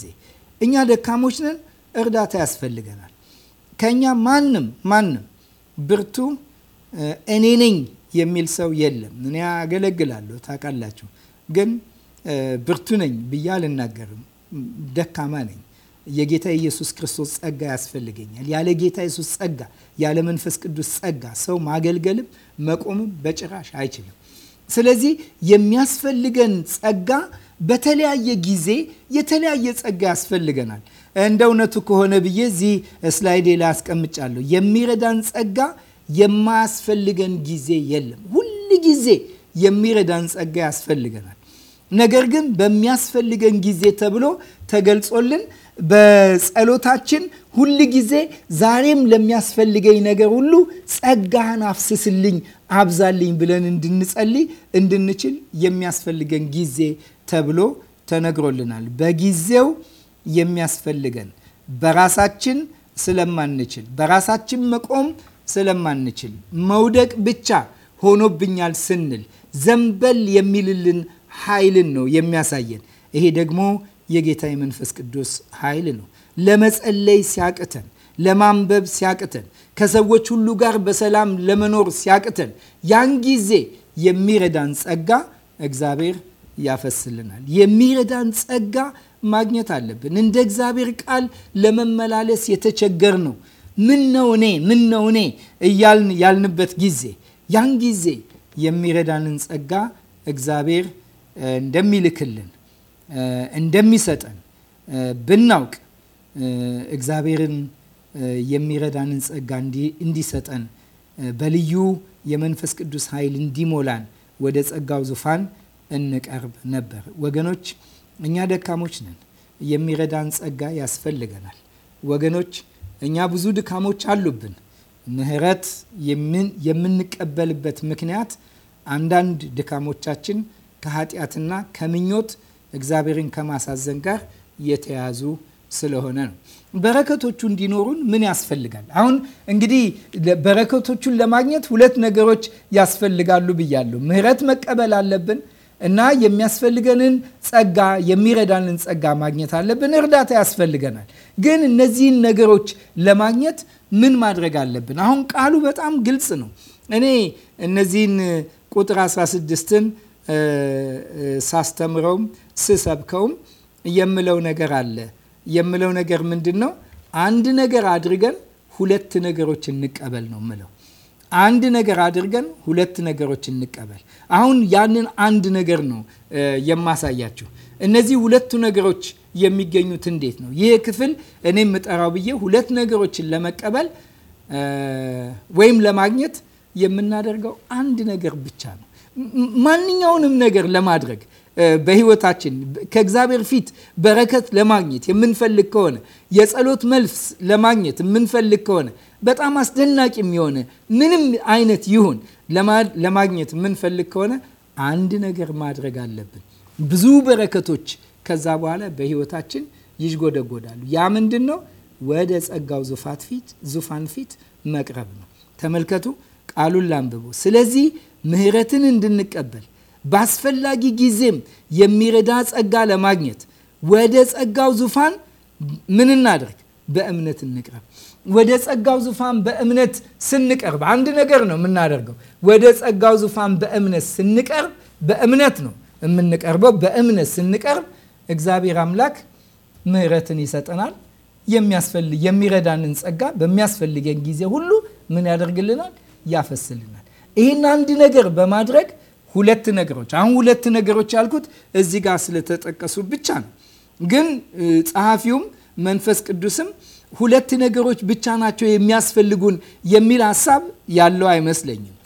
S1: እኛ ደካሞች ነን፣ እርዳታ ያስፈልገናል። ከእኛ ማንም ማንም ብርቱ እኔ ነኝ የሚል ሰው የለም። እኔ አገለግላለሁ ታውቃላችሁ፣ ግን ብርቱ ነኝ ብዬ አልናገርም። ደካማ ነኝ የጌታ ኢየሱስ ክርስቶስ ጸጋ ያስፈልገኛል። ያለ ጌታ ኢየሱስ ጸጋ፣ ያለ መንፈስ ቅዱስ ጸጋ ሰው ማገልገልም መቆምም በጭራሽ አይችልም። ስለዚህ የሚያስፈልገን ጸጋ በተለያየ ጊዜ የተለያየ ጸጋ ያስፈልገናል። እንደ እውነቱ ከሆነ ብዬ እዚህ ስላይዴ ላይ አስቀምጫለሁ። የሚረዳን ጸጋ የማያስፈልገን ጊዜ የለም። ሁል ጊዜ የሚረዳን ጸጋ ያስፈልገናል። ነገር ግን በሚያስፈልገን ጊዜ ተብሎ ተገልጾልን በጸሎታችን ሁል ጊዜ ዛሬም ለሚያስፈልገኝ ነገር ሁሉ ጸጋህን አፍስስልኝ፣ አብዛልኝ ብለን እንድንጸልይ እንድንችል የሚያስፈልገን ጊዜ ተብሎ ተነግሮልናል። በጊዜው የሚያስፈልገን በራሳችን ስለማንችል በራሳችን መቆም ስለማንችል መውደቅ ብቻ ሆኖብኛል ስንል ዘንበል የሚልልን ኃይልን ነው የሚያሳየን። ይሄ ደግሞ የጌታ የመንፈስ ቅዱስ ኃይል ነው። ለመጸለይ ሲያቅተን፣ ለማንበብ ሲያቅተን፣ ከሰዎች ሁሉ ጋር በሰላም ለመኖር ሲያቅተን፣ ያን ጊዜ የሚረዳን ጸጋ እግዚአብሔር ያፈስልናል። የሚረዳን ጸጋ ማግኘት አለብን። እንደ እግዚአብሔር ቃል ለመመላለስ የተቸገር ነው። ምን ነው እኔ ምን ነው እኔ እያልን ያልንበት ጊዜ ያን ጊዜ የሚረዳንን ጸጋ እግዚአብሔር እንደሚልክልን እንደሚሰጠን ብናውቅ እግዚአብሔርን የሚረዳንን ጸጋ እንዲሰጠን በልዩ የመንፈስ ቅዱስ ኃይል እንዲሞላን ወደ ጸጋው ዙፋን እንቀርብ ነበር። ወገኖች እኛ ደካሞች ነን። የሚረዳን ጸጋ ያስፈልገናል። ወገኖች እኛ ብዙ ድካሞች አሉብን። ምሕረት የምንቀበልበት ምክንያት አንዳንድ ድካሞቻችን ከኃጢአትና ከምኞት እግዚአብሔርን ከማሳዘን ጋር የተያዙ ስለሆነ ነው። በረከቶቹ እንዲኖሩን ምን ያስፈልጋል? አሁን እንግዲህ በረከቶቹን ለማግኘት ሁለት ነገሮች ያስፈልጋሉ ብያለሁ። ምሕረት መቀበል አለብን እና የሚያስፈልገንን ጸጋ የሚረዳንን ጸጋ ማግኘት አለብን። እርዳታ ያስፈልገናል። ግን እነዚህን ነገሮች ለማግኘት ምን ማድረግ አለብን? አሁን ቃሉ በጣም ግልጽ ነው። እኔ እነዚህን ቁጥር 16ን ሳስተምረውም ስሰብከውም የምለው ነገር አለ። የምለው ነገር ምንድን ነው? አንድ ነገር አድርገን ሁለት ነገሮች እንቀበል ነው ምለው። አንድ ነገር አድርገን ሁለት ነገሮች እንቀበል። አሁን ያንን አንድ ነገር ነው የማሳያችሁ። እነዚህ ሁለቱ ነገሮች የሚገኙት እንዴት ነው? ይህ ክፍል እኔ የምጠራው ብዬ ሁለት ነገሮችን ለመቀበል ወይም ለማግኘት የምናደርገው አንድ ነገር ብቻ ነው። ማንኛውንም ነገር ለማድረግ በህይወታችን ከእግዚአብሔር ፊት በረከት ለማግኘት የምንፈልግ ከሆነ የጸሎት መልስ ለማግኘት የምንፈልግ ከሆነ በጣም አስደናቂም የሆነ ምንም አይነት ይሁን ለማግኘት የምንፈልግ ከሆነ አንድ ነገር ማድረግ አለብን። ብዙ በረከቶች ከዛ በኋላ በህይወታችን ይጎደጎዳሉ ያ ምንድን ነው? ወደ ጸጋው ዙፋን ፊት መቅረብ ነው። ተመልከቱ፣ ቃሉን ላንብቦ ስለዚህ ምሕረትን እንድንቀበል በአስፈላጊ ጊዜም የሚረዳ ጸጋ ለማግኘት ወደ ጸጋው ዙፋን ምን እናደርግ? በእምነት እንቅረብ። ወደ ጸጋው ዙፋን በእምነት ስንቀርብ አንድ ነገር ነው የምናደርገው። ወደ ጸጋው ዙፋን በእምነት ስንቀርብ በእምነት ነው የምንቀርበው። በእምነት ስንቀርብ እግዚአብሔር አምላክ ምሕረትን ይሰጠናል። የሚረዳንን ጸጋ በሚያስፈልገን ጊዜ ሁሉ ምን ያደርግልናል? ያፈስልናል። ይህን አንድ ነገር በማድረግ ሁለት ነገሮች አሁን ሁለት ነገሮች ያልኩት እዚህ ጋር ስለተጠቀሱ ብቻ ነው። ግን ጸሐፊውም መንፈስ ቅዱስም ሁለት ነገሮች ብቻ ናቸው የሚያስፈልጉን የሚል ሀሳብ ያለው አይመስለኝም።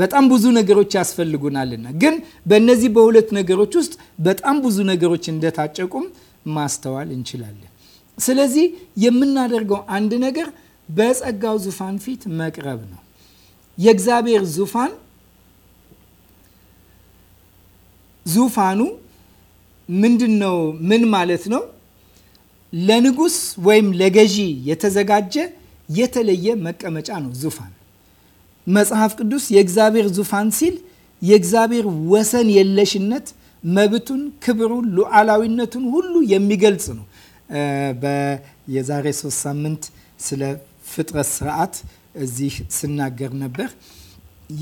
S1: በጣም ብዙ ነገሮች ያስፈልጉናልና ግን በእነዚህ በሁለት ነገሮች ውስጥ በጣም ብዙ ነገሮች እንደታጨቁም ማስተዋል እንችላለን። ስለዚህ የምናደርገው አንድ ነገር በጸጋው ዙፋን ፊት መቅረብ ነው። የእግዚአብሔር ዙፋን ዙፋኑ ምንድን ነው? ምን ማለት ነው? ለንጉስ ወይም ለገዢ የተዘጋጀ የተለየ መቀመጫ ነው ዙፋን። መጽሐፍ ቅዱስ የእግዚአብሔር ዙፋን ሲል የእግዚአብሔር ወሰን የለሽነት መብቱን፣ ክብሩን፣ ሉዓላዊነቱን ሁሉ የሚገልጽ ነው። የዛሬ ሶስት ሳምንት ስለ ፍጥረት ስርዓት እዚህ ስናገር ነበር።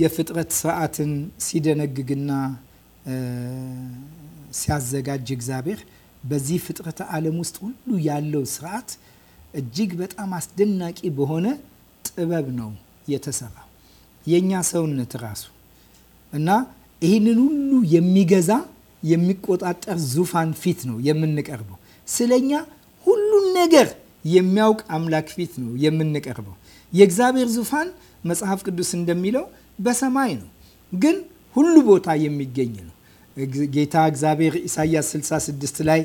S1: የፍጥረት ስርዓትን ሲደነግግና ሲያዘጋጅ እግዚአብሔር በዚህ ፍጥረት ዓለም ውስጥ ሁሉ ያለው ስርዓት እጅግ በጣም አስደናቂ በሆነ ጥበብ ነው የተሰራው የእኛ ሰውነት ራሱ እና ይህንን ሁሉ የሚገዛ የሚቆጣጠር ዙፋን ፊት ነው የምንቀርበው። ስለኛ ሁሉን ነገር የሚያውቅ አምላክ ፊት ነው የምንቀርበው። የእግዚአብሔር ዙፋን መጽሐፍ ቅዱስ እንደሚለው በሰማይ ነው፣ ግን ሁሉ ቦታ የሚገኝ ነው። ጌታ እግዚአብሔር ኢሳያስ 66 ላይ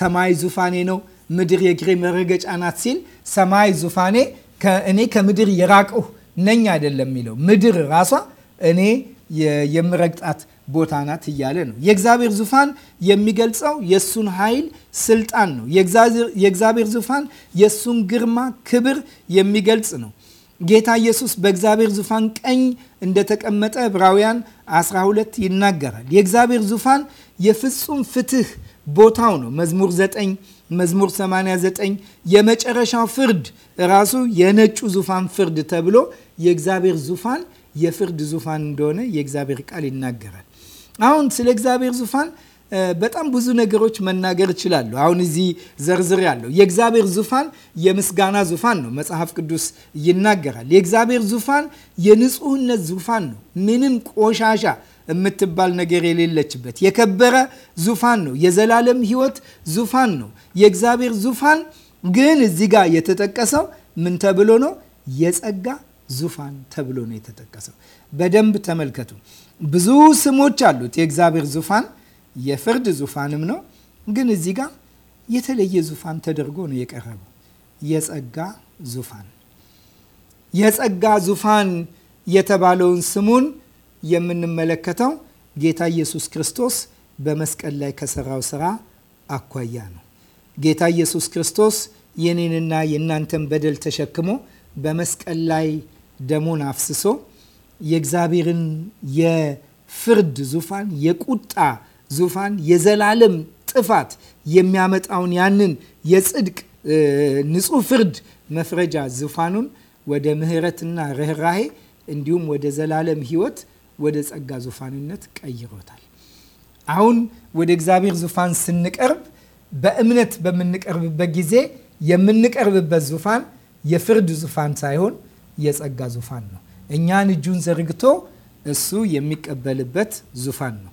S1: ሰማይ ዙፋኔ ነው፣ ምድር የእግሬ መረገጫ ናት ሲል ሰማይ ዙፋኔ እኔ ከምድር የራቅሁ ነኝ አይደለም የሚለው ምድር ራሷ እኔ የምረግጣት ቦታ ናት እያለ ነው። የእግዚአብሔር ዙፋን የሚገልጸው የእሱን ኃይል፣ ስልጣን ነው። የእግዚአብሔር ዙፋን የእሱን ግርማ ክብር የሚገልጽ ነው። ጌታ ኢየሱስ በእግዚአብሔር ዙፋን ቀኝ እንደተቀመጠ ዕብራውያን 12 ይናገራል። የእግዚአብሔር ዙፋን የፍጹም ፍትህ ቦታው ነው። መዝሙር 9 መዝሙር 89 የመጨረሻው ፍርድ ራሱ የነጩ ዙፋን ፍርድ ተብሎ የእግዚአብሔር ዙፋን የፍርድ ዙፋን እንደሆነ የእግዚአብሔር ቃል ይናገራል። አሁን ስለ እግዚአብሔር ዙፋን በጣም ብዙ ነገሮች መናገር እችላለሁ። አሁን እዚህ ዘርዝር ያለው የእግዚአብሔር ዙፋን የምስጋና ዙፋን ነው። መጽሐፍ ቅዱስ ይናገራል። የእግዚአብሔር ዙፋን የንጹህነት ዙፋን ነው። ምንም ቆሻሻ የምትባል ነገር የሌለችበት የከበረ ዙፋን ነው። የዘላለም ሕይወት ዙፋን ነው። የእግዚአብሔር ዙፋን ግን እዚህ ጋር የተጠቀሰው ምን ተብሎ ነው? የጸጋ ዙፋን ተብሎ ነው የተጠቀሰው። በደንብ ተመልከቱ። ብዙ ስሞች አሉት። የእግዚአብሔር ዙፋን የፍርድ ዙፋንም ነው። ግን እዚህ ጋር የተለየ ዙፋን ተደርጎ ነው የቀረበው። የጸጋ ዙፋን የጸጋ ዙፋን የተባለውን ስሙን የምንመለከተው ጌታ ኢየሱስ ክርስቶስ በመስቀል ላይ ከሰራው ስራ አኳያ ነው። ጌታ ኢየሱስ ክርስቶስ የኔንና የእናንተን በደል ተሸክሞ በመስቀል ላይ ደሙን አፍስሶ የእግዚአብሔርን የፍርድ ዙፋን፣ የቁጣ ዙፋን፣ የዘላለም ጥፋት የሚያመጣውን ያንን የጽድቅ ንጹህ ፍርድ መፍረጃ ዙፋኑን ወደ ምህረትና ርኅራሄ እንዲሁም ወደ ዘላለም ህይወት ወደ ጸጋ ዙፋንነት ቀይሮታል። አሁን ወደ እግዚአብሔር ዙፋን ስንቀርብ በእምነት በምንቀርብበት ጊዜ የምንቀርብበት ዙፋን የፍርድ ዙፋን ሳይሆን የጸጋ ዙፋን ነው። እኛን እጁን ዘርግቶ እሱ የሚቀበልበት ዙፋን ነው።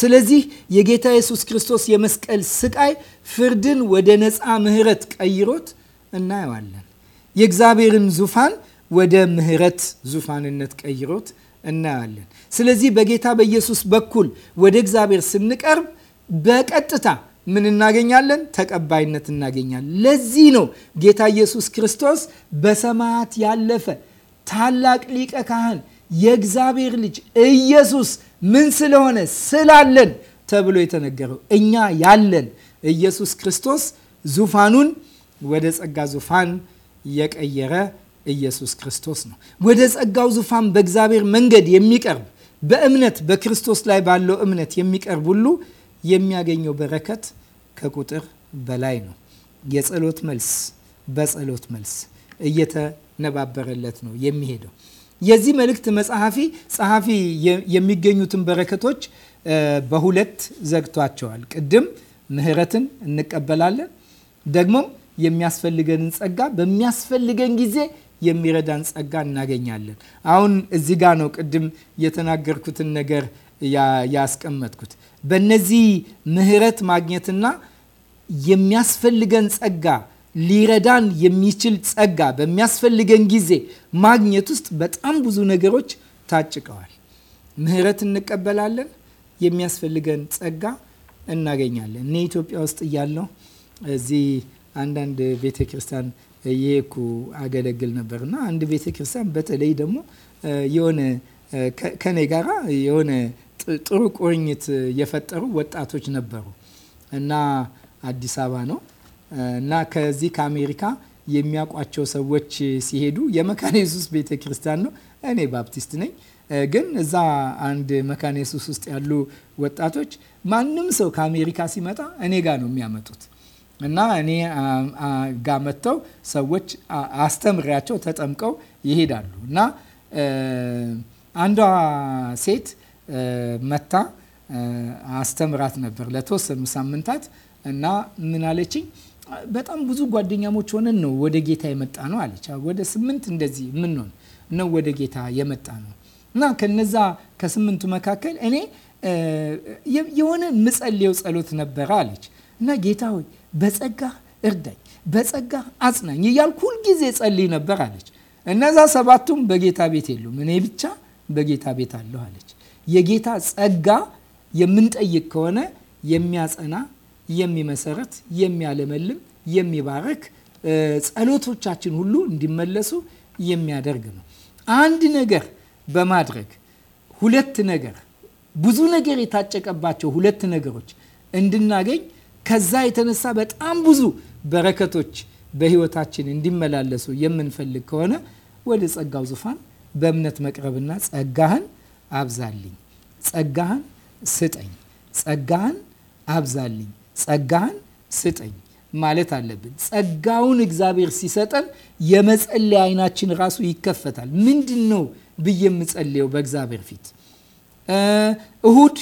S1: ስለዚህ የጌታ ኢየሱስ ክርስቶስ የመስቀል ስቃይ ፍርድን ወደ ነፃ ምህረት ቀይሮት እናየዋለን። የእግዚአብሔርን ዙፋን ወደ ምህረት ዙፋንነት ቀይሮት እናያለን። ስለዚህ በጌታ በኢየሱስ በኩል ወደ እግዚአብሔር ስንቀርብ በቀጥታ ምን እናገኛለን? ተቀባይነት እናገኛለን። ለዚህ ነው ጌታ ኢየሱስ ክርስቶስ በሰማያት ያለፈ ታላቅ ሊቀ ካህን የእግዚአብሔር ልጅ ኢየሱስ ምን ስለሆነ ስላለን ተብሎ የተነገረው እኛ ያለን ኢየሱስ ክርስቶስ ዙፋኑን ወደ ጸጋ ዙፋን የቀየረ ኢየሱስ ክርስቶስ ነው። ወደ ጸጋው ዙፋን በእግዚአብሔር መንገድ የሚቀርብ በእምነት በክርስቶስ ላይ ባለው እምነት የሚቀርብ ሁሉ የሚያገኘው በረከት ከቁጥር በላይ ነው። የጸሎት መልስ በጸሎት መልስ እየተነባበረለት ነው የሚሄደው። የዚህ መልእክት መጽሐፊ ጸሐፊ የሚገኙትን በረከቶች በሁለት ዘግቷቸዋል። ቅድም ምሕረትን እንቀበላለን፣ ደግሞም የሚያስፈልገንን ጸጋ በሚያስፈልገን ጊዜ የሚረዳን ጸጋ እናገኛለን። አሁን እዚህ ጋ ነው ቅድም የተናገርኩትን ነገር ያስቀመጥኩት። በነዚህ ምሕረት ማግኘትና የሚያስፈልገን ጸጋ ሊረዳን የሚችል ጸጋ በሚያስፈልገን ጊዜ ማግኘት ውስጥ በጣም ብዙ ነገሮች ታጭቀዋል። ምህረት እንቀበላለን፣ የሚያስፈልገን ጸጋ እናገኛለን። እኔ ኢትዮጵያ ውስጥ እያለሁ እዚህ አንዳንድ ቤተ ክርስቲያን እየሄድኩ አገለግል ነበር እና አንድ ቤተ ክርስቲያን በተለይ ደግሞ የሆነ ከኔ ጋራ የሆነ ጥሩ ቁርኝት የፈጠሩ ወጣቶች ነበሩ እና አዲስ አበባ ነው እና ከዚህ ከአሜሪካ የሚያውቋቸው ሰዎች ሲሄዱ የመካነ ኢየሱስ ቤተ ክርስቲያን ነው። እኔ ባፕቲስት ነኝ፣ ግን እዛ አንድ መካነ ኢየሱስ ውስጥ ያሉ ወጣቶች ማንም ሰው ከአሜሪካ ሲመጣ እኔ ጋር ነው የሚያመጡት እና እኔ ጋር መጥተው ሰዎች አስተምሪያቸው ተጠምቀው ይሄዳሉ እና አንዷ ሴት መታ አስተምራት ነበር ለተወሰኑ ሳምንታት እና ምን አለችኝ በጣም ብዙ ጓደኛሞች ሆነን ነው ወደ ጌታ የመጣ ነው አለች። ወደ ስምንት እንደዚህ የምንሆን ነው ወደ ጌታ የመጣ ነው እና ከነዛ ከስምንቱ መካከል እኔ የሆነ ምጸልየው ጸሎት ነበረ አለች እና ጌታ ሆይ በጸጋ እርዳኝ፣ በጸጋ አጽናኝ እያልኩ ሁልጊዜ ጸልይ ነበር አለች። እነዛ ሰባቱም በጌታ ቤት የሉም፣ እኔ ብቻ በጌታ ቤት አለሁ አለች። የጌታ ጸጋ የምንጠይቅ ከሆነ የሚያጸና የሚመሰረት የሚያለመልም የሚባርክ ጸሎቶቻችን ሁሉ እንዲመለሱ የሚያደርግ ነው። አንድ ነገር በማድረግ ሁለት ነገር ብዙ ነገር የታጨቀባቸው ሁለት ነገሮች እንድናገኝ ከዛ የተነሳ በጣም ብዙ በረከቶች በህይወታችን እንዲመላለሱ የምንፈልግ ከሆነ ወደ ጸጋው ዙፋን በእምነት መቅረብና ጸጋህን አብዛልኝ፣ ጸጋህን ስጠኝ፣ ጸጋህን አብዛልኝ ጸጋህን ስጠኝ ማለት አለብን። ጸጋውን እግዚአብሔር ሲሰጠን የመጸለይ አይናችን ራሱ ይከፈታል። ምንድን ነው ብዬ የምጸልየው በእግዚአብሔር ፊት? እሁድ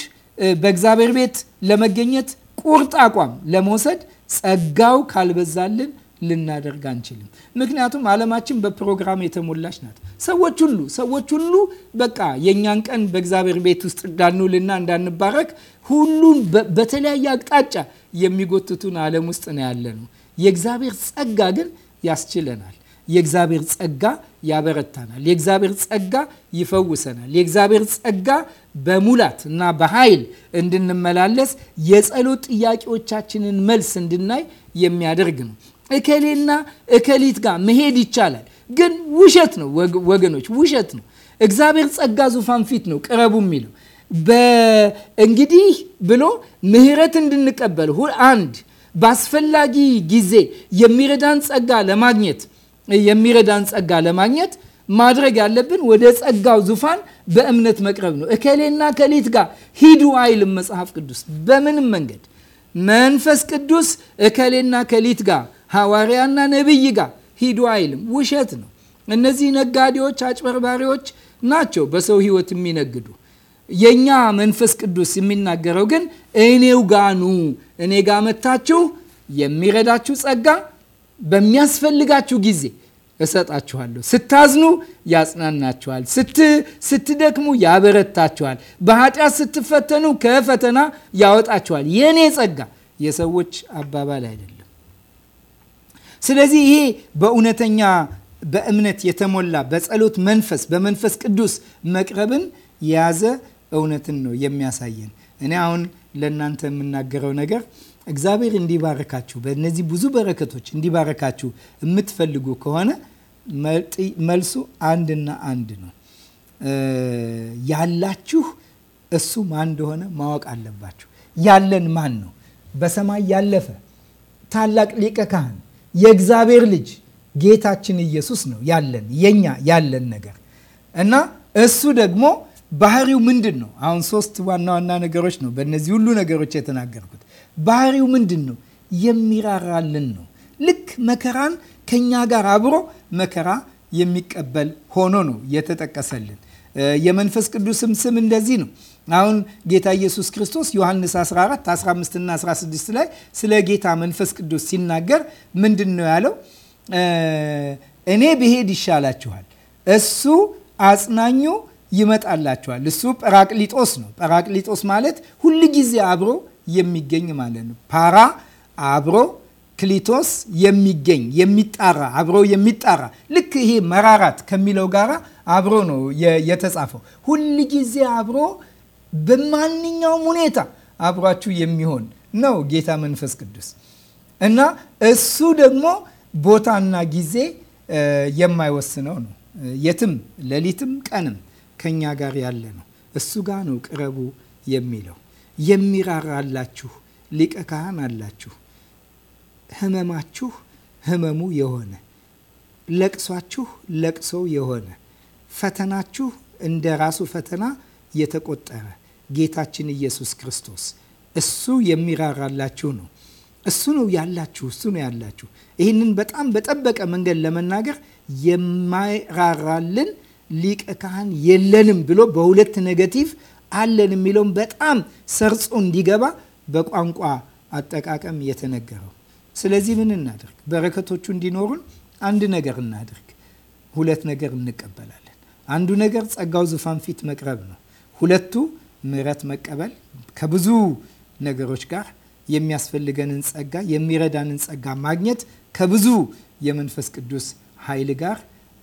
S1: በእግዚአብሔር ቤት ለመገኘት ቁርጥ አቋም ለመውሰድ ጸጋው ካልበዛልን ልናደርግ አንችልም። ምክንያቱም ዓለማችን በፕሮግራም የተሞላች ናት። ሰዎች ሁሉ ሰዎች ሁሉ በቃ የእኛን ቀን በእግዚአብሔር ቤት ውስጥ እንዳንውልና እንዳንባረክ ሁሉን በተለያየ አቅጣጫ የሚጎትቱን ዓለም ውስጥ ነው ያለ ነው። የእግዚአብሔር ጸጋ ግን ያስችለናል። የእግዚአብሔር ጸጋ ያበረታናል። የእግዚአብሔር ጸጋ ይፈውሰናል። የእግዚአብሔር ጸጋ በሙላት እና በኃይል እንድንመላለስ የጸሎት ጥያቄዎቻችንን መልስ እንድናይ የሚያደርግ ነው። እከሌና እከሊት ጋር መሄድ ይቻላል። ግን ውሸት ነው ወገኖች፣ ውሸት ነው። እግዚአብሔር ጸጋ ዙፋን ፊት ነው ቅረቡ የሚለው እንግዲህ ብሎ ምሕረት እንድንቀበል አንድ በአስፈላጊ ጊዜ የሚረዳን ጸጋ ለማግኘት የሚረዳን ጸጋ ለማግኘት ማድረግ ያለብን ወደ ጸጋው ዙፋን በእምነት መቅረብ ነው። እከሌና ከሌት ጋር ሂዱ አይልም መጽሐፍ ቅዱስ። በምንም መንገድ መንፈስ ቅዱስ እከሌና ከሌት ጋር ሐዋርያና ነቢይ ጋር ሂዱ አይልም። ውሸት ነው። እነዚህ ነጋዴዎች፣ አጭበርባሪዎች ናቸው በሰው ህይወት የሚነግዱ። የእኛ መንፈስ ቅዱስ የሚናገረው ግን እኔው ጋኑ እኔ ጋ መታችሁ የሚረዳችሁ ጸጋ በሚያስፈልጋችሁ ጊዜ እሰጣችኋለሁ። ስታዝኑ ያጽናናችኋል፣ ስትደክሙ ያበረታችኋል፣ በኃጢአት ስትፈተኑ ከፈተና ያወጣችኋል። የእኔ ጸጋ የሰዎች አባባል አይደለም። ስለዚህ ይሄ በእውነተኛ በእምነት የተሞላ በጸሎት መንፈስ በመንፈስ ቅዱስ መቅረብን የያዘ እውነትን ነው የሚያሳየን። እኔ አሁን ለእናንተ የምናገረው ነገር እግዚአብሔር እንዲባረካችሁ በእነዚህ ብዙ በረከቶች እንዲባረካችሁ የምትፈልጉ ከሆነ መልሱ አንድና አንድ ነው። ያላችሁ እሱ ማን እንደሆነ ማወቅ አለባችሁ። ያለን ማን ነው? በሰማይ ያለፈ ታላቅ ሊቀ ካህን የእግዚአብሔር ልጅ ጌታችን ኢየሱስ ነው ያለን የኛ ያለን ነገር እና እሱ ደግሞ ባህሪው ምንድን ነው? አሁን ሶስት ዋና ዋና ነገሮች ነው በእነዚህ ሁሉ ነገሮች የተናገርኩት። ባህሪው ምንድን ነው? የሚራራልን ነው። ልክ መከራን ከኛ ጋር አብሮ መከራ የሚቀበል ሆኖ ነው የተጠቀሰልን። የመንፈስ ቅዱስም ስም እንደዚህ ነው። አሁን ጌታ ኢየሱስ ክርስቶስ ዮሐንስ 14 15 እና 16 ላይ ስለ ጌታ መንፈስ ቅዱስ ሲናገር ምንድን ነው ያለው? እኔ ብሄድ ይሻላችኋል፣ እሱ አጽናኙ ይመጣላችኋል። እሱ ጰራቅሊጦስ ነው። ጰራቅሊጦስ ማለት ሁል ጊዜ አብሮ የሚገኝ ማለት ነው። ፓራ አብሮ ክሊቶስ የሚገኝ የሚጣራ አብሮ የሚጣራ ልክ ይሄ መራራት ከሚለው ጋራ አብሮ ነው የተጻፈው። ሁል ጊዜ አብሮ በማንኛውም ሁኔታ አብሯችሁ የሚሆን ነው ጌታ መንፈስ ቅዱስ እና እሱ ደግሞ ቦታና ጊዜ የማይወስነው ነው። የትም ሌሊትም ቀንም ከኛ ጋር ያለ ነው። እሱ ጋር ነው ቅረቡ የሚለው የሚራራላችሁ ሊቀ ካህን አላችሁ። ህመማችሁ ህመሙ የሆነ ለቅሷችሁ ለቅሶ የሆነ ፈተናችሁ እንደ ራሱ ፈተና የተቆጠረ ጌታችን ኢየሱስ ክርስቶስ። እሱ የሚራራላችሁ ነው። እሱ ነው ያላችሁ፣ እሱ ነው ያላችሁ። ይህንን በጣም በጠበቀ መንገድ ለመናገር የማይራራልን ሊቀ ካህን የለንም ብሎ በሁለት ነገቲቭ አለን የሚለውን በጣም ሰርጾ እንዲገባ በቋንቋ አጠቃቀም የተነገረው። ስለዚህ ምን እናድርግ? በረከቶቹ እንዲኖሩን አንድ ነገር እናደርግ። ሁለት ነገር እንቀበላለን። አንዱ ነገር ጸጋው ዙፋን ፊት መቅረብ ነው። ሁለቱ ምሕረት መቀበል ከብዙ ነገሮች ጋር የሚያስፈልገንን ጸጋ የሚረዳንን ጸጋ ማግኘት ከብዙ የመንፈስ ቅዱስ ኃይል ጋር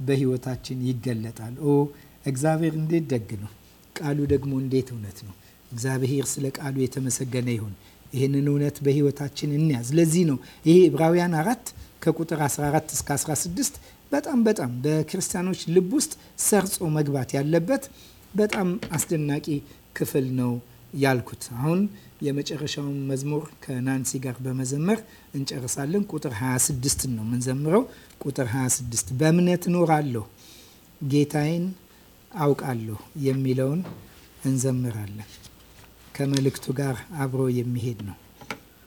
S1: በህይወታችን ይገለጣል። ኦ እግዚአብሔር እንዴት ደግ ነው! ቃሉ ደግሞ እንዴት እውነት ነው! እግዚአብሔር ስለ ቃሉ የተመሰገነ ይሁን። ይህንን እውነት በሕይወታችን እንያዝ። ለዚህ ነው ይሄ ዕብራውያን አራት ከቁጥር 14 እስከ 16 በጣም በጣም በክርስቲያኖች ልብ ውስጥ ሰርጾ መግባት ያለበት በጣም አስደናቂ ክፍል ነው ያልኩት። አሁን የመጨረሻውን መዝሙር ከናንሲ ጋር በመዘመር እንጨርሳለን። ቁጥር 26 ነው የምንዘምረው። ቁጥር 26 በእምነት እኖራለሁ ጌታዬን አውቃለሁ የሚለውን እንዘምራለን። ከመልእክቱ ጋር አብሮ የሚሄድ ነው።